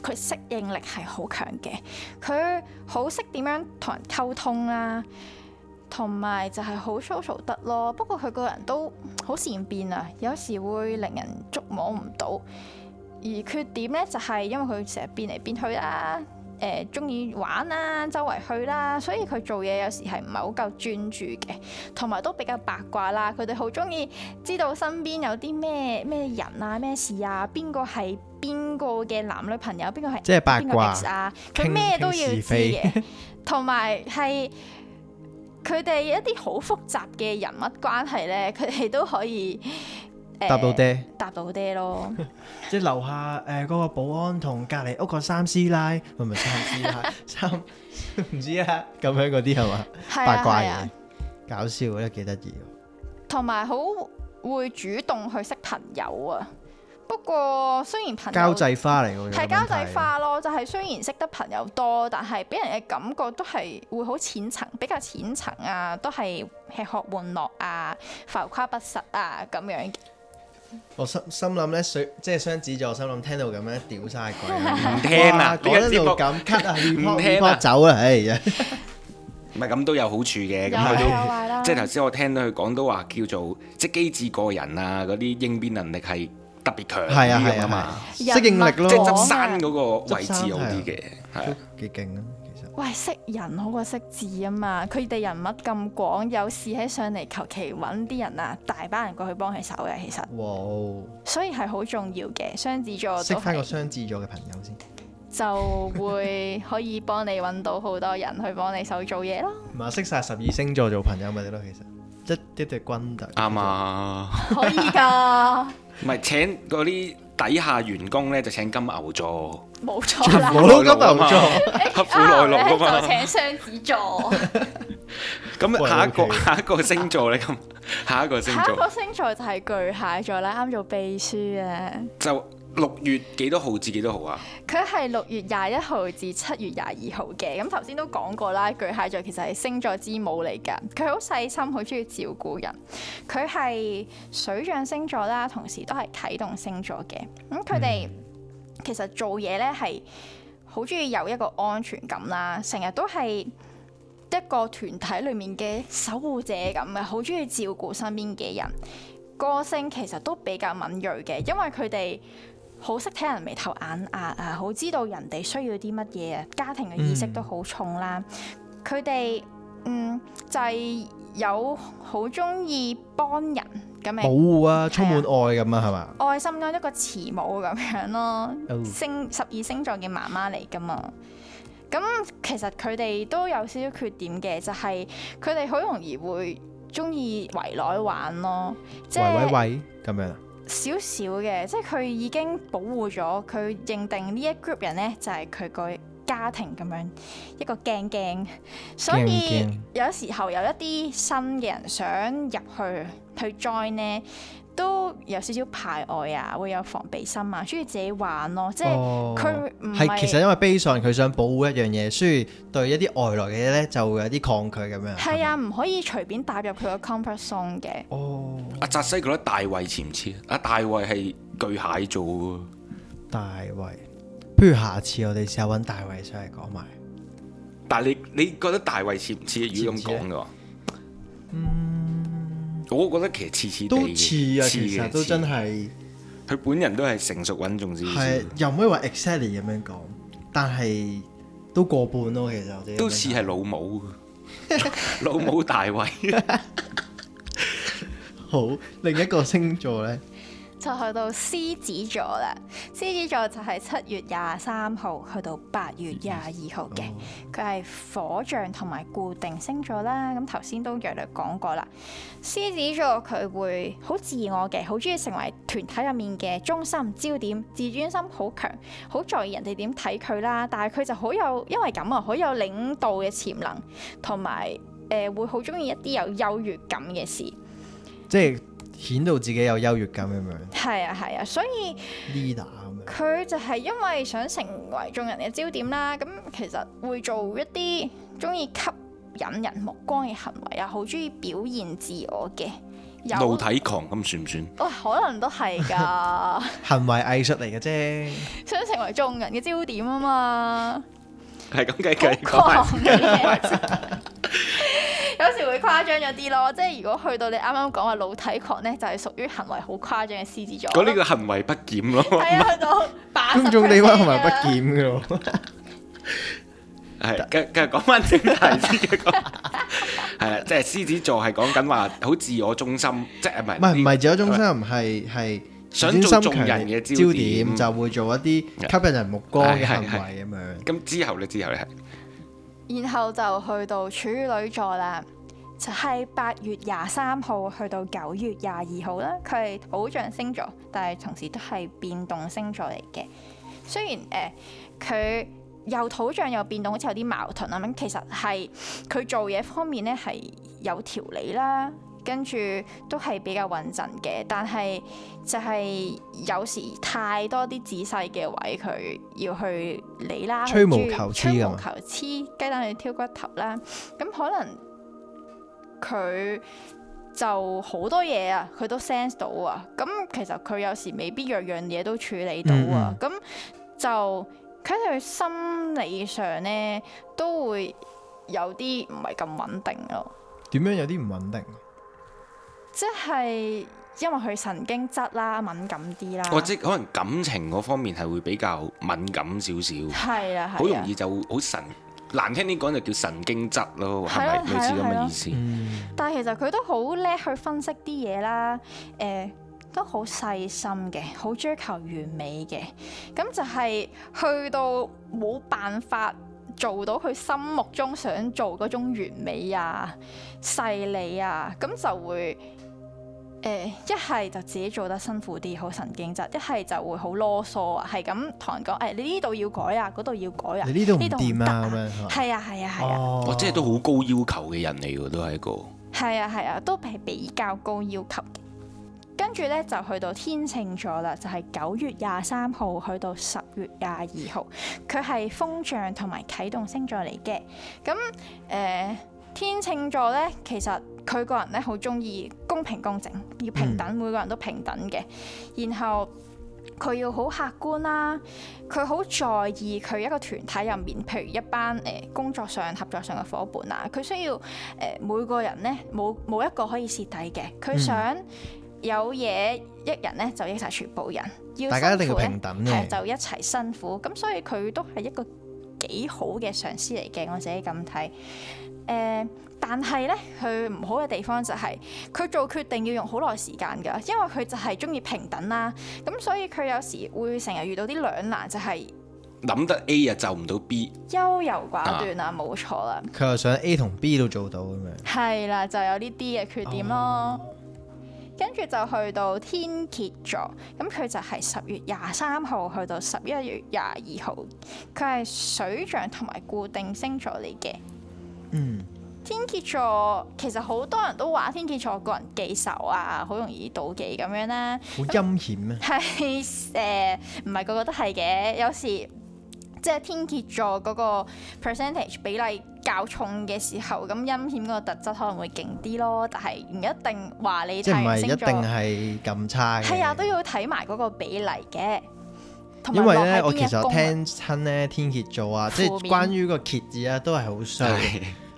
佢適應力係好強嘅，佢好識點樣同人溝通啦，同埋就係好 social 得咯。不過佢個人都好善變啊，有時會令人捉摸唔到。而缺點咧就係、是、因為佢成日變嚟變去啦，誒中意玩啊，周圍去啦，所以佢做嘢有時係唔係好夠專注嘅，同埋都比較八卦啦。佢哋好中意知道身邊有啲咩咩人啊、咩事啊、邊個係。邊個嘅男女朋友，邊個係？即係八卦啊！佢咩是談都要知嘅，同埋係佢哋一啲好複雜嘅人物關係咧，佢哋都可以誒，搭、呃、到爹，搭到爹咯。 [laughs] 即係樓下誒，嗰、呃那個保安同隔籬屋個三師奶，係咪三師奶？ [laughs] 三唔知啊，咁樣嗰啲係嘛？ [laughs] 八卦嘅，搞笑啊，幾得意啊！同埋好會主動去識朋友啊！不過雖然朋友交際花嚟，係交際花咯，就係雖然識得朋友多，但係俾人嘅感覺都係會好淺層，比較淺層啊，都係吃喝玩樂啊、浮誇不實啊咁樣。我心心諗咧，水即係雙子座，心諗聽到咁樣屌晒鬼，唔聽啊！我一路咁 cut 啊，唔聽啊，走啦，唉呀！唔係咁都有好處嘅，咁佢都即係頭先我聽到佢講都話叫做即係機智過人啊，嗰啲應變能力係。特別強啊，係啊嘛，啊適應力咯，即係、啊、執生嗰個位置山好啲嘅，係幾勁啊，啊！其實，喂，識人好過識字啊嘛，佢哋人物咁廣，有事喺上嚟求其搵啲人啊，大班人過去幫佢手嘅，其實。哇所以係好重要嘅，雙子座識翻個雙子座嘅朋友先， [laughs] 就會可以幫你搵到好多人去幫你手做嘢咯。唔係識晒十二星座做朋友咪得咯，其實。一一對軍隊，啱啊！可以噶，唔係請嗰啲底下員工咧，就請金牛座，冇錯，冇咯金牛座，刻苦耐勞噶嘛，請雙子座，咁下一個下一個星座咧咁，下一個星下一個星座就係巨蟹座啦，啱做秘書嘅，就。六月幾多號至幾多號啊？佢係六月廿一號至七月廿二號嘅。咁頭先都講過啦，巨蟹座其實係星座之母嚟㗎。佢好細心，好中意照顧人。佢係水象星座啦，同時都係啟動星座嘅。咁佢哋其實做嘢咧係好中意有一個安全感啦，成日都係一個團體裡面嘅守護者咁嘅，好中意照顧身邊嘅人。個性其實都比較敏鋭嘅，因為佢哋。好識睇人眉頭眼額啊！好知道人哋需要啲乜嘢啊！家庭嘅意識都好重啦。佢哋嗯，嗯就係、是、有好中意幫人咁樣保護啊，充滿愛咁啊，係嘛？愛心咯，一個慈母咁樣咯。星十二星座嘅媽媽嚟噶嘛？咁其實佢哋都有少少缺點嘅，就係佢哋好容易會中意圍內玩咯。就是、喂喂喂，咁樣。少少嘅，即係佢已經保護咗，佢認定呢一 group 人呢，就係佢個家庭咁樣一個鏡鏡，所以有時候有一啲新嘅人想入去去 join 呢。都有少少排外啊，會有防備心啊，中意自己玩咯，即係佢唔係。係，其實因為悲傷，佢想保護一樣嘢，所以對一啲外來嘅嘢咧，就會有啲抗拒咁樣。係啊，唔可以隨便帶入佢個 comfort zone 嘅。哦，阿澤西覺得大衛似唔似啊？大衛係巨蟹座，大衛。不如下次我哋試下搵大衛上嚟講埋。但係你你覺得大衛似唔似如咁講嘅？像我覺得其實次次都似啊，其實都真係。佢本人都係成熟穩重啲，係又唔可以話 exactly 咁樣講，但係都過半咯。其實都似係老母， [laughs] 老母大位。好，另一個星座咧。就去到獅子座啦，獅子座就係七月廿三號去到八月廿二號嘅，佢係、oh. 火象同埋固定星座啦。咁頭先都略略講過啦，獅子座佢會好自我嘅，好中意成為團體入面嘅中心焦點，自尊心好強，好在意人哋點睇佢啦。但係佢就好有，因為咁啊，好有領導嘅潛能，同埋誒會好中意一啲有優越感嘅事，即係。顯到自己有優越感咁樣，係啊係啊，所以 leader 佢就係因為想成為眾人嘅焦點啦，咁其實會做一啲中意吸引人目光嘅行為啊，好中意表現自我嘅，露體狂咁算唔算？哇、哎，可能都係噶， [laughs] 行為藝術嚟嘅啫，想成為眾人嘅焦點啊嘛，係咁計計嘅。 [laughs] [laughs] 有時會誇張咗啲咯，即係如果去到你啱啱講話露體狂咧，就係屬於行為好誇張嘅獅子座。講呢個行為不檢咯，係啊，到公眾地方行為不檢嘅喎。係，跟跟住講翻主題先啦，即係獅子座係講緊話好自我中心，即係唔係唔係自我中心，係係想做眾人嘅焦點，就會做一啲吸引人目光嘅行為咁樣。咁之後咧，之後咧係。然後就去到處女座啦，就係、是、八月廿三號去到九月廿二號啦。佢係土象星座，但係同時都係變動星座嚟嘅。雖然誒，佢、呃、又土象又變動，好似有啲矛盾啊咁樣。其實係佢做嘢方面咧，係有條理啦。跟住都係比較穩陣嘅，但係就係有時太多啲仔細嘅位佢要去理啦，吹毛求疵，吹毛求疵，雞蛋要挑骨頭啦。咁、嗯、可能佢就好多嘢啊，佢都 sense 到啊。咁其實佢有時未必樣樣嘢都處理到啊。咁、嗯嗯、就喺佢心理上咧，都會有啲唔係咁穩定咯、啊。點樣有啲唔穩定？即係因為佢神經質啦，敏感啲啦，或者可能感情嗰方面係會比較敏感少少，係啊，係啊，好容易就好神，難聽啲講就叫神經質咯，係咪的的類似咁嘅意思？嗯、但係其實佢都好叻去分析啲嘢啦，誒、呃、都好細心嘅，好追求完美嘅，咁就係去到冇辦法做到佢心目中想做嗰種完美啊、細膩啊，咁就會。誒一係就自己做得辛苦啲，好神經質；一係就會好囉嗦啊，係咁同人講誒、哎，你呢度要改啊，嗰度要改啊，呢度唔掂啊，係啊，係啊，係啊，哇、oh. 哦！即係都好高要求嘅人嚟噶，都係一個。係啊，係啊，都係比、比較高要求嘅。跟住咧就去到天秤座啦，就係、是、九月廿三號去到十月廿二號，佢係風象同埋啟動星座嚟嘅。咁誒、呃、天秤座咧，其實。佢個人咧好中意公平公正，要平等，每個人都平等嘅。然後佢要好客觀啦，佢好在意佢一個團體入面，譬如一班誒工作上合作上嘅伙伴啊，佢需要誒每個人咧冇冇一個可以蝕底嘅。佢想有嘢益人咧就益晒全部人，嗯、要大家一定要平等咧，就一齊辛苦。咁是所以佢都係一個幾好嘅上司嚟嘅，我自己咁睇誒。呃但係咧，佢唔好嘅地方就係、是、佢做決定要用好耐時間㗎，因為佢就係中意平等啦。咁所以佢有時會成日遇到啲兩難、就是，就係諗得 A 又就唔到 B，優柔寡斷啊，冇錯啦。佢又想 A 同 B 都做到咁樣，係啦，就有呢啲嘅缺點咯。跟住、哦、就去到天蠍座，咁佢就係十月廿三號去到十一月廿二號，佢係水象同埋固定星座嚟嘅，嗯。天蠍座其實好多人都話天蠍座個人記仇啊，好容易妒忌咁樣啦、啊。好陰險啊，係誒、嗯，唔係、呃、個個都係嘅有時即係天蠍座嗰，嗰個 percentage 比例較重嘅時候，咁陰險嗰個特質可能會勁啲咯。但係唔一定話你即係唔係一定係咁差嘅。係啊，都要睇埋嗰個比例嘅。因為咧，我其實我聽親咧天蠍座啊，即係面關於個蠍字啊，都係好衰。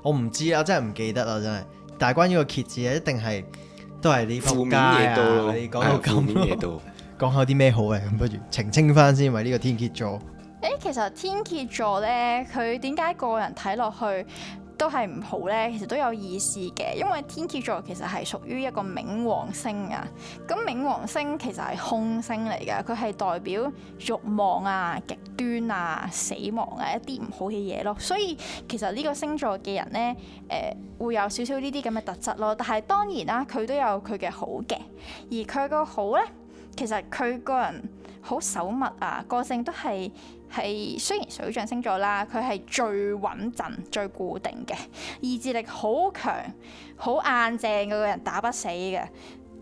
我唔知啊，真係唔記得啦，真係。但係關於個蠍字啊，一定係都係呢幅家啊，到你講到咁咯，講下啲咩好嘅咁，不如澄清翻先，為呢個天蠍座。誒、欸，其實天蠍座咧，佢點解個人睇落去？都係唔好咧，其實都有意思嘅，因為天蠍座其實係屬於一個冥王星啊。咁冥王星其實係兇星嚟噶，佢係代表慾望啊、極端啊、死亡啊一啲唔好嘅嘢咯。所以其實呢個星座嘅人咧，誒、呃、會有少少呢啲咁嘅特質咯。但係當然啦，佢都有佢嘅好嘅，而佢個好咧，其實佢個人好守密啊，個性都係。係，雖然水象星座啦，佢係最穩陣、最固定嘅，意志力好強、好硬正，個人打不死嘅。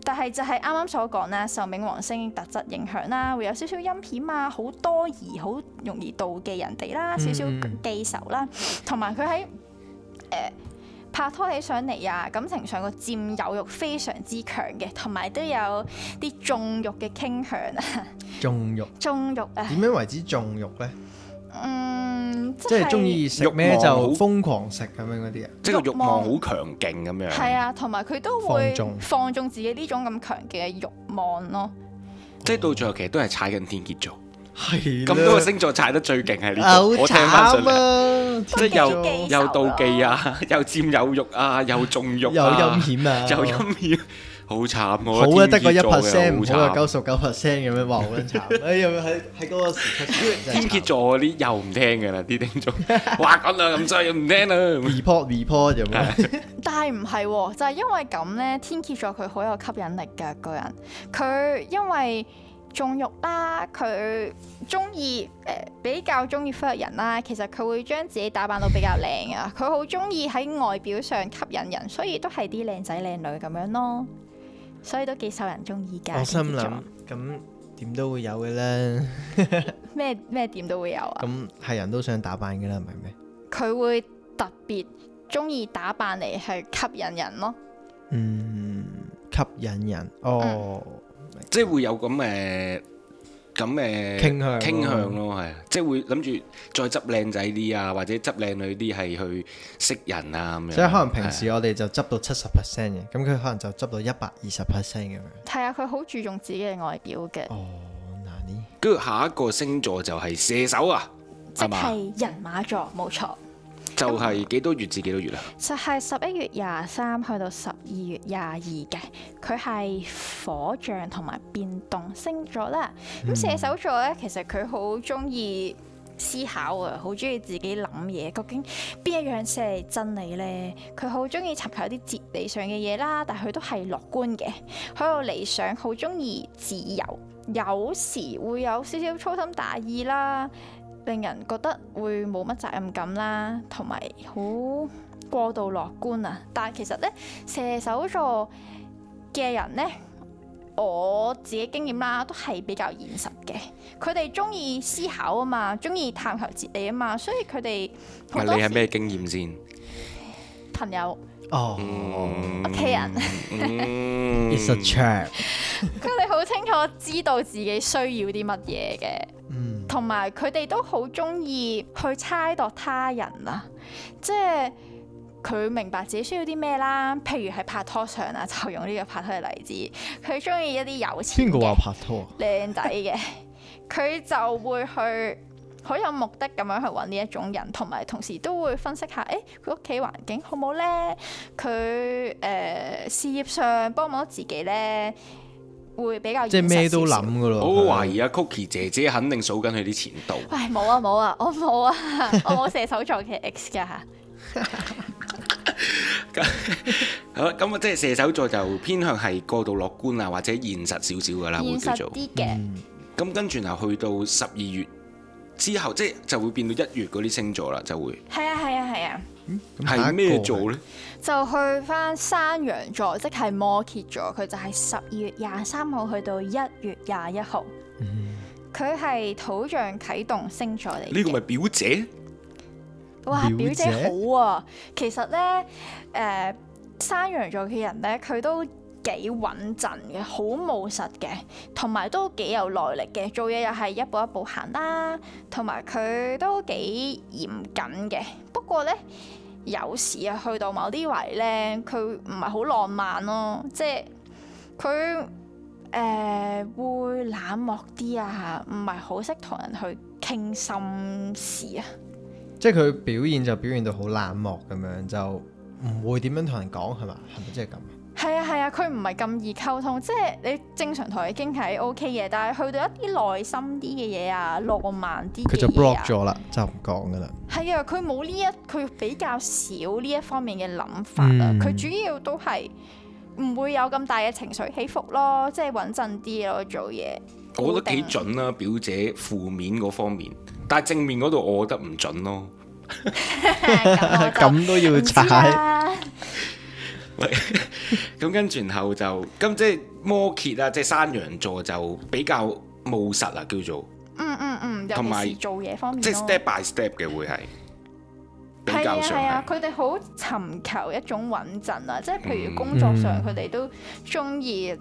但係就係啱啱所講啦，受冥王星特質影響啦，會有少少陰險啊，好多疑，好容易妒忌人哋啦，少少記仇啦，同埋佢喺誒。拍拖起上嚟啊，感情上個佔有欲非常之強嘅，同埋都有啲縱欲嘅傾向 [laughs] 肉啊。縱欲？縱欲？點樣為之縱欲咧？嗯，即係中意食咩就瘋狂食咁網樣嗰啲啊，即係欲望好強勁咁樣。係啊，同埋佢都會放縱中自己呢種咁強勁嘅欲望咯。嗯、即係到最後其實都係踩緊天劫做。係咁多個星座踩得最勁係呢個，我聽翻上嚟，即係又又妒忌啊，又佔有欲啊，又縱欲啊，又陰險啊，又陰險，好慘我。好咧，得個一 percent，唔好就九十九 percent 咁樣，話好慘。哎呀，喺喺嗰個時天蠍座嗰啲又唔聽噶啦，啲聽眾，哇講到咁衰唔聽啦。Report report 咁樣，但係唔係，就係因為咁咧，天蠍座佢好有吸引力噶個人，佢因為。中玉啦，佢中意誒，比較中意忽悠人啦。其實佢會將自己打扮到比較靚啊，佢好中意喺外表上吸引人，所以都係啲靚仔靚女咁樣咯。所以都幾受人中意噶。我心諗，咁點都會有嘅咧。咩咩點都會有啊？咁係人都想打扮噶啦，唔係咩？佢會特別中意打扮嚟去吸引人咯。嗯，吸引人哦。嗯即係會有咁誒，咁嘅傾向傾向咯，係啊，即係會諗住再執靚仔啲啊，或者執靚女啲係去識人啊咁樣。即係可能平時我哋就執到七十 percent 嘅，咁佢對可能就執到一百二十 percent 咁樣。係啊，佢好，嗯，注重自己嘅外表嘅。哦，嗱，呢，跟住下一個星座就係射手啊，即係人馬座，冇錯。就係幾多月至幾多月啊、嗯？就係十一月廿三去到十二月廿二嘅，佢係火象同埋變動星座啦。咁、嗯、射手座咧，其實佢好中意思考啊，好中意自己諗嘢，究竟邊一樣先係真理咧？佢好中意尋求一啲哲理上嘅嘢啦，但係佢都係樂觀嘅，佢有理想，好中意自由，有時會有少少粗心大意啦。令人覺得會冇乜責任感啦，同埋好過度樂觀啊！但係其實咧，射手座嘅人咧，我自己經驗啦，都係比較現實嘅。佢哋中意思考啊嘛，中意探求哲理啊嘛，所以佢哋。唔係你係咩經驗先？朋友。哦。屋企人。It's mm hmm. [laughs] a chair. 佢哋好清楚知道自己需要啲乜嘢嘅。同埋佢哋都好中意去猜度他人啊，即係佢明白自己需要啲咩啦。譬如係拍拖上啊，就用呢個拍拖嘅例子，佢中意一啲有錢邊個話拍拖啊？靚仔嘅，佢就會去好有目的咁樣去揾呢一種人，同埋同時都會分析下，誒佢屋企環境好唔好咧？佢誒、呃、事業上幫唔幫到自己咧。會比較即係咩都諗噶咯，我好懷疑啊，Cookie 姐姐肯定數緊佢啲錢度。喂，冇啊冇啊，我冇啊， [laughs] 我冇射手座嘅 X 嘅吓。 [laughs] [laughs] 好，咁啊，即係射手座就偏向係過度樂觀啊，或者現實少少噶啦，會做啲嘅。咁、嗯、跟住啊，去到十二月之後，即、就、係、是、就會變到一月嗰啲星座啦，就會係啊係啊係啊，係咩座咧？ [laughs] 就去翻山羊座，即係摩羯座，佢就係十二月廿三號去到一月廿一號。佢係、嗯、土象啟動星座嚟。呢個咪表姐？哇，表姐，表姐好啊！其實咧，誒、呃，山羊座嘅人咧，佢都幾穩陣嘅，好務實嘅，同埋都幾有耐力嘅，做嘢又係一步一步行啦，同埋佢都幾嚴謹嘅。不過咧。有時啊，去到某啲位咧，佢唔係好浪漫咯，即係佢誒會冷漠啲啊，唔係好識同人去傾心事啊，即係佢表現就表現到好冷漠咁樣，就唔會點樣同人講係嘛？係咪即係咁啊？係啊。佢唔係咁易溝通，即係你正常同佢傾偈 OK 嘅，但係去到一啲內心啲嘅嘢啊、浪漫啲、啊，佢就 block 咗啦，就唔講噶啦。係啊，佢冇呢一，佢比較少呢一方面嘅諗法啦、啊。佢、嗯、主要都係唔會有咁大嘅情緒起伏咯，即係穩陣啲咯做嘢。我覺得幾準啦，表姐負面嗰方面，但係正面嗰度我覺得唔準咯。咁都 [laughs] [laughs] 要踩。 [laughs] 喂，咁 [laughs] 跟住然後就，咁即係摩羯啦，即係山羊座就比較務實啦，叫做，嗯嗯嗯，同埋做嘢方面，即係 step by step 嘅會係，比較係、嗯嗯嗯、啊，佢哋好尋求一種穩陣啊，即係譬如工作上，佢哋、嗯嗯、都中意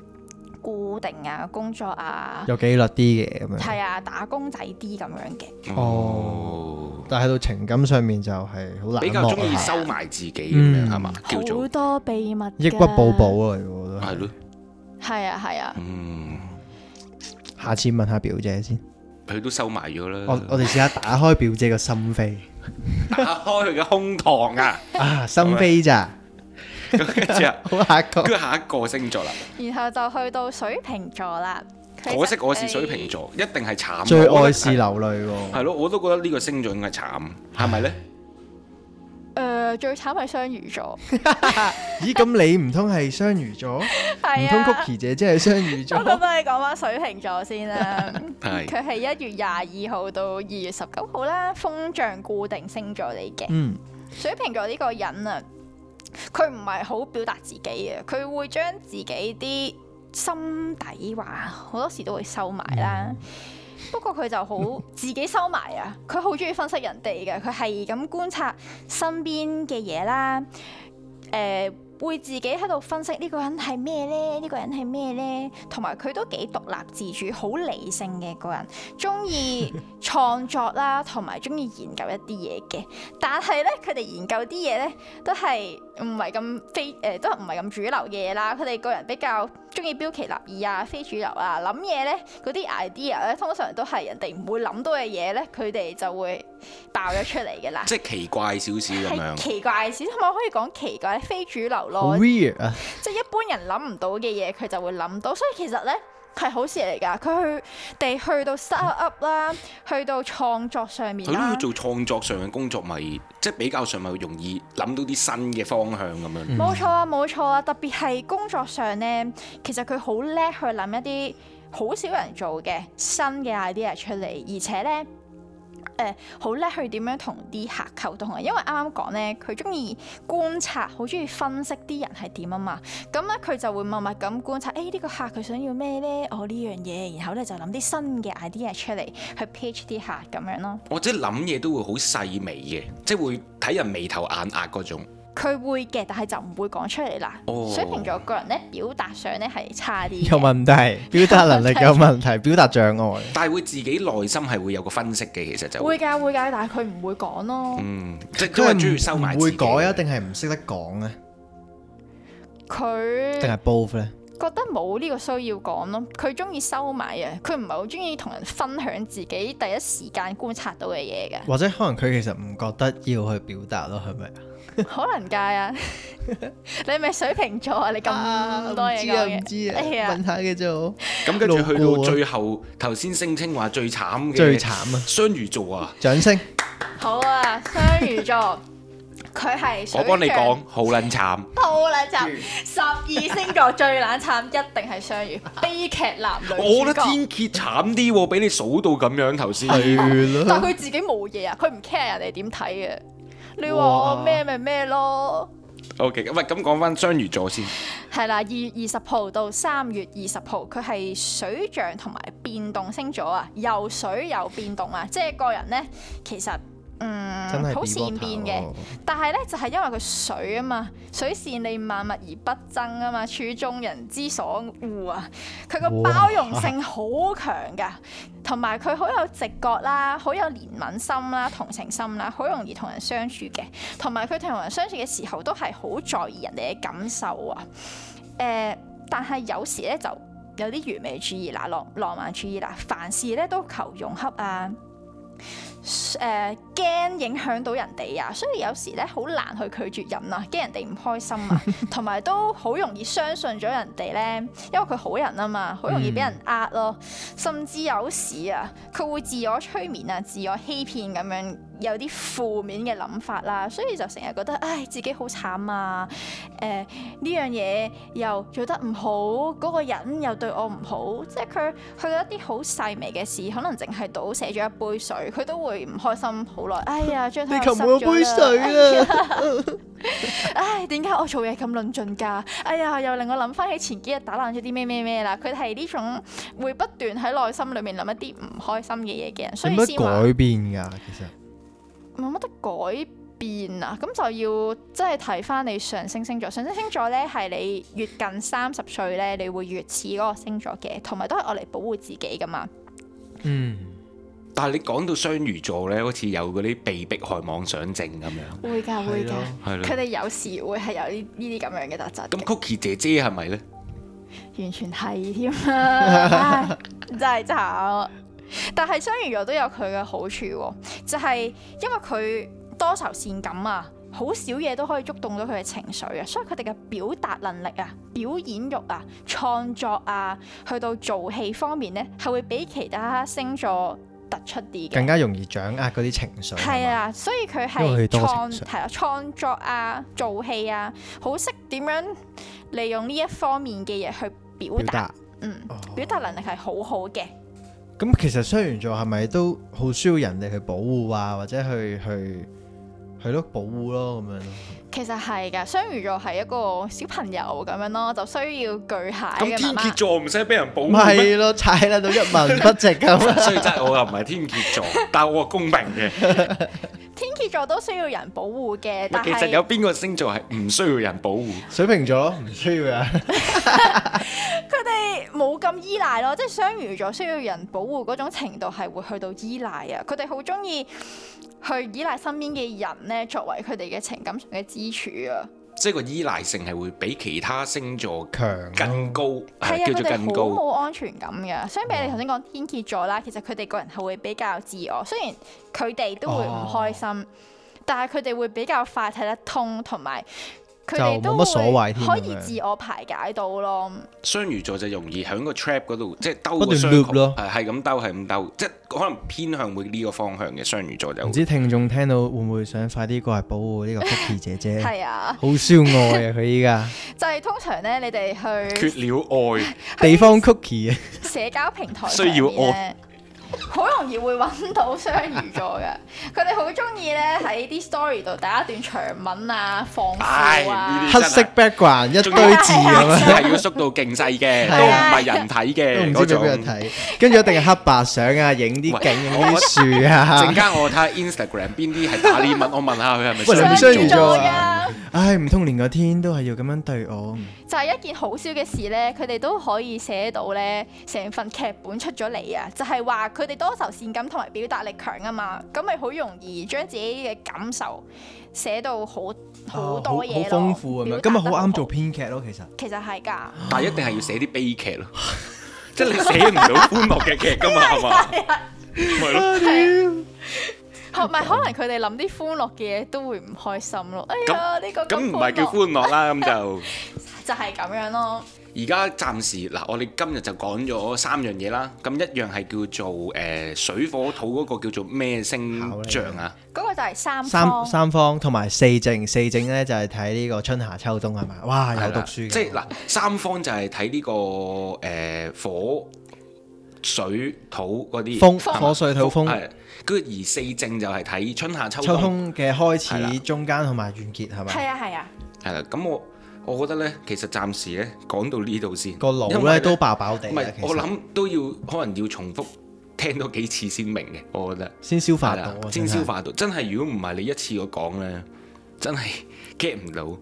固定啊工作啊，有紀律啲嘅咁樣，係啊，打工仔啲咁樣嘅，哦。但喺到情感上面就係好難，比較中意收埋自己咁樣係嘛？叫做好多秘密、抑鬱暴暴啊，我覺得係咯，係啊係啊，嗯，下次問下表姐先，佢都收埋咗啦。我我哋試下打開表姐嘅心扉，打開佢嘅胸膛啊！啊，心扉咋？咁跟住好下一個，下一個星座啦，然後就去到水瓶座啦。可惜我是水瓶座，一定係慘。最愛是流淚喎。係咯是，我都覺得個唉是是呢個星座應該慘，係咪咧？誒，最慘係雙魚座。 [laughs] [laughs] 咦？咁你唔通係雙魚座？唔通曲奇姐姐即係雙魚座？ [laughs] 我咁都係講翻水瓶座先啦。係。佢係一月廿二號到二月十九號啦，風象固定星座嚟嘅。嗯。水瓶座呢個人啊，佢唔係好表達自己嘅，佢會將自己啲。心底話好多時都會收埋啦， [laughs] 不過佢就好自己收埋啊！佢好中意分析人哋嘅，佢係咁觀察身邊嘅嘢啦，誒、呃。會自己喺度分析呢個人係咩呢？呢個人係咩呢？同埋佢都幾獨立自主、好理性嘅個人，中意創作啦，同埋中意研究一啲嘢嘅。但係呢，佢哋研究啲嘢呢，都係唔係咁非誒、呃，都唔係咁主流嘢啦。佢哋個人比較中意標奇立異啊，非主流啊，諗嘢呢，嗰啲 idea 咧，通常都係人哋唔會諗到嘅嘢呢，佢哋就會爆咗出嚟嘅啦。即係奇怪少少咁樣。奇怪少，可唔可以講奇怪？非主流。weird、啊，即係一般人諗唔到嘅嘢，佢就會諗到，所以其實咧係好事嚟噶。佢去哋去到 startup 啦，去到創、嗯、作上面佢都要做創作上嘅工作，咪、就是、即係比較上咪容易諗到啲新嘅方向咁樣。冇錯、嗯、啊，冇錯啊，特別係工作上咧，其實佢好叻去諗一啲好少人做嘅新嘅 idea 出嚟，而且咧。誒好叻去點樣同啲客溝通啊！因為啱啱講咧，佢中意觀察，好中意分析啲人係點啊嘛。咁咧佢就會默默咁觀察，誒呢個客佢想要咩咧？我呢樣嘢，然後咧就諗啲新嘅 idea 出嚟去 pitch 啲客咁樣咯。我即係諗嘢都會好細微嘅，即係會睇人眉頭眼額嗰種。佢會嘅，但係就唔會講出嚟啦。水瓶座個人咧，表達上咧係差啲。有問題，表達能力有問題，表達障礙。但係會自己內心係會有個分析嘅，其實就會㗎，會㗎。但係佢唔會講咯。嗯，即係佢係中意收埋自己。會講啊？定係唔識得講咧？佢定係 both 咧？覺得冇呢個需要講咯。佢中意收埋啊！佢唔係好中意同人分享自己第一時間觀察到嘅嘢㗎。或者可能佢其實唔覺得要去表達咯，係咪啊？可能介啊！你係咪水瓶座啊？你咁多嘢講嘅？唔知啊，問下嘅啫。咁跟住去到最後，頭先聲稱話最慘嘅，最慘啊！雙魚座啊！掌聲。好啊，雙魚座，佢，係我幫你講，好撚慘，好撚慘，十二星座最冷慘，一定係雙魚，悲劇男女主角。我覺得天蠍慘啲，俾你數到咁樣，頭先。係啦。但係佢自己冇嘢啊，佢唔 care 人哋點睇嘅。你話我咩咪咩咯哇 [noise] ？OK，唔係咁講翻雙魚座先，係 [noise] 啦，二月二十號到三月二十號，佢係水象同埋變動星座啊，又水又變動啊，即係個人咧，其實。嗯，好善變嘅，但係咧就係、是、因為佢水啊嘛，水善利萬物而不爭啊嘛，處眾人之所惡啊，佢個包容性好強噶，同埋佢好有直覺啦，好有憐憫心啦，同情心啦，好容易同人相處嘅，同埋佢同人相處嘅時候都係好在意人哋嘅感受啊，誒、呃，但係有時咧就有啲完美主義啦，浪浪漫主義啦，凡事咧都求融洽啊。誒驚、uh，影響到人哋啊，所以有時咧好難去拒絕人啊，驚人哋唔開心啊，同埋 [laughs] 都好容易相信咗人哋咧，因為佢好人啊嘛，好容易俾人呃咯，嗯、甚至有時啊，佢會自我催眠啊，自我欺騙咁樣。有啲負面嘅諗法啦，所以就成日覺得唉，自己好慘啊！誒、呃，呢樣嘢又做得唔好，嗰、那個人又對我唔好，即係佢佢一啲好細微嘅事，可能淨係倒瀉咗一杯水，佢都會唔開心好耐。唉哎呀呦，最後又濕咗啦！哎， [laughs] 點解我做嘢咁論盡㗎？哎呀，又令我諗翻起前幾日打爛咗啲咩咩咩啦。佢係呢種會不斷喺內心裏面諗一啲唔開心嘅嘢嘅人，有乜改變㗎？其實。冇乜得改變啊！咁就要即係睇翻你上升星座，上升星座咧係你越近三十歲咧，你會越似嗰個星座嘅，同埋都係我嚟保護自己噶嘛。嗯，但係你講到雙魚座咧，好似有嗰啲被迫害妄想症咁樣，會噶會噶，佢哋對咯 有時會係有呢呢啲咁樣嘅特質。咁 Cookie 姐姐係咪咧？完全係添啊！ [laughs] 真係真～但係雙魚座都有佢嘅好處，就係、是、因為佢多愁善感啊，好少嘢都可以觸動到佢嘅情緒啊，所以佢哋嘅表達能力啊、表演欲啊、創作啊，去到做戲方面咧，係會比其他星座突出啲嘅，更加容易掌握嗰啲情緒。係啊，所以佢係創係啊創作啊、做戲啊，好識點樣利用呢一方面嘅嘢去表達，表達，嗯，Oh. 表達能力係好好嘅。咁其實雙魚座係咪都好需要人哋去保護啊，或者去去係咯，保護咯咁樣咯？其實係㗎，雙魚座係一個小朋友咁樣咯，就需要巨蟹咁。天蠍座唔使俾人保護，係咯，踩爛到一文不值咁。所以真係我又唔係天蠍座，但係我個公平嘅。星座都需要人保護嘅，但其實有邊個星座係唔需要人保護？水瓶座唔需要啊，佢哋冇咁依賴咯，即係雙魚座需要人保護嗰種程度係會去到依賴啊，佢哋好中意去依賴身邊嘅人咧，作為佢哋嘅情感上嘅支柱啊。即係個依賴性係會比其他星座強更高，係啊高，是叫做更高。佢哋好冇安全感嘅，相比你頭先講天蠍座啦，其實佢哋個人係會比較自我，雖然佢哋都會唔開心，哦、但係佢哋會比較快睇得通同埋。佢哋都會就冇乜所謂，可以自我排解到咯。雙魚座就容易喺個 trap 嗰度，即係兜個圈咯。誒，係咁兜，係咁兜，即係可能偏向會呢個方向嘅雙魚座就。唔知聽眾聽到會唔會想快啲過嚟保護呢個 Cookie 姐姐？係啊，好少愛啊佢依家。就係通常咧，你哋去缺了愛地方 Cookie 嘅社交平台需要愛。好容易會揾到雙魚座嘅，佢哋好中意咧喺啲 story 度打一段長文啊，放數黑色 background 一堆字咁樣，係要果縮到勁細嘅，都唔係人睇嘅，都唔知做咩人睇，跟住一定係黑白相啊，影啲景啲樹啊。陣間我睇下 Instagram 邊啲係打呢文，我問下佢係咪雙魚座啊？唉，唔通連個天都係要咁樣對我？就係一件好笑嘅事咧，佢哋都可以寫到咧，成份劇本出咗嚟啊，就係話佢哋多愁善感同埋表達力強啊嘛，咁咪好容易將自己嘅感受寫到好好、啊、多嘢好豐富咁啊，咁咪好啱做編劇咯，其實。其實係㗎。但係一定係要寫啲悲劇咯，即係你寫唔到歡樂嘅劇㗎嘛，係嘛？係咯。係咪可能佢哋諗啲歡樂嘅嘢都會唔開心咯。哎呀，呢個咁唔係叫歡樂啦，咁就就係咁樣咯。而家暫時嗱，我哋今日就講咗三樣嘢啦。咁一樣係叫做誒水火土嗰個叫做咩星象啊？嗰個就係三三三方，同埋四正四正咧就係睇呢個春夏秋冬係咪？哇，有讀書，即係嗱三方就係睇呢個誒火水土嗰啲風火水土風，跟住而四正就係睇春夏秋冬嘅開始、中間同埋完結係咪？係啊，係啊，係啦，咁我。我覺得咧，其實暫時咧講到呢度先，個腦咧都爆爆地。唔係，我諗都要可能要重複聽多幾次先明嘅。我覺得。先消化啦，先消化到。真係，如果唔係你一次過講咧，真係 get 唔到。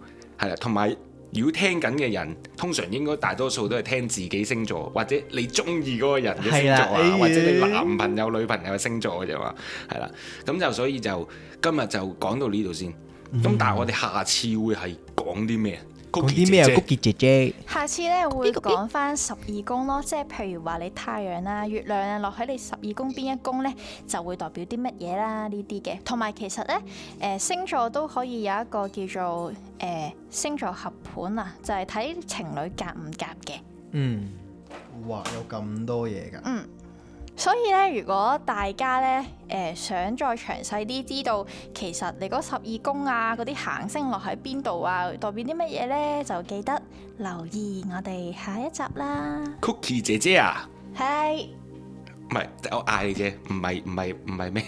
係啦，同埋如果聽緊嘅人，通常應該大多數都係聽自己星座，或者你中意嗰個人嘅星座啊，或者你男朋友女朋友嘅星座嘅啫嘛。係啦，咁就所以就今日就講到呢度先。咁但係我哋下次會係講啲咩？講啲咩啊？谷杰姐姐，姐姐下次咧會講翻十二宮咯，即係譬如話你太陽啦，啊，月亮啊，落喺你十二宮邊一宮咧，就會代表啲乜嘢啦？呢啲嘅，同埋其實咧，誒、呃、星座都可以有一個叫做誒、呃、星座合盤啊，就係、是、睇情侶夾唔夾嘅。嗯，哇，有咁多嘢噶。嗯。所以咧，如果大家咧，誒想再詳細啲知道，其實你嗰十二宮啊，嗰啲行星落喺邊度啊，代表啲乜嘢咧，就記得留意我哋下一集啦。Cookie 姐姐啊，係 Hey.，唔係我嗌你啫，唔係唔係唔係咩？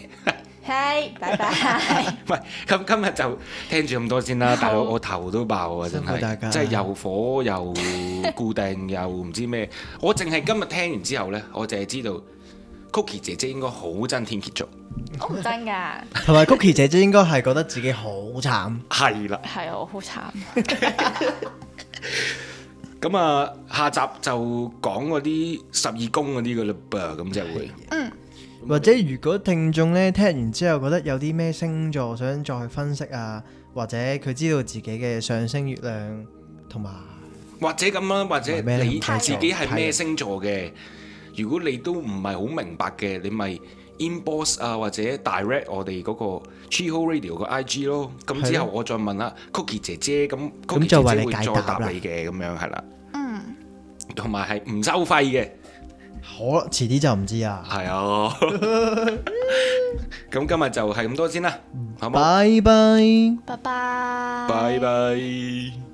係，拜拜。唔 [laughs] 咁、hey, bye [laughs] 今日就聽住咁多先啦，好大佬我頭都爆啊！真係，即係又火又固定又唔知咩， [laughs] 我淨係今日聽完之後咧，我淨係知道。Cookie 姐姐應該好憎天蠍座，我唔真噶、啊。同埋 [laughs] Cookie 姐姐應該係覺得自己好慘，係啦 [laughs] 了，係啊，好慘。咁啊，下集就講嗰啲十二宮嗰啲噶啦噃，咁即係會。嗯，或者如果聽眾咧聽完之後覺得有啲咩星座想再分析啊，或者佢知道自己嘅上升月亮同埋，或者咁樣，或者你自己係咩星座嘅？如果你都唔係好明白嘅，你咪 inbox 啊或者 direct 我哋嗰個 Cheerful Radio 個 IG 咯。咁之後我再問下 Cookie 姐姐咁，Cookie 的姐姐會再答你嘅咁樣係啦。嗯，同埋係唔收費嘅。好遲啲就唔知是啊。係 [laughs] 啊。 [laughs] [laughs] 咁今日就係咁多先啦。好冇？拜拜拜拜拜拜。Bye bye. Bye bye.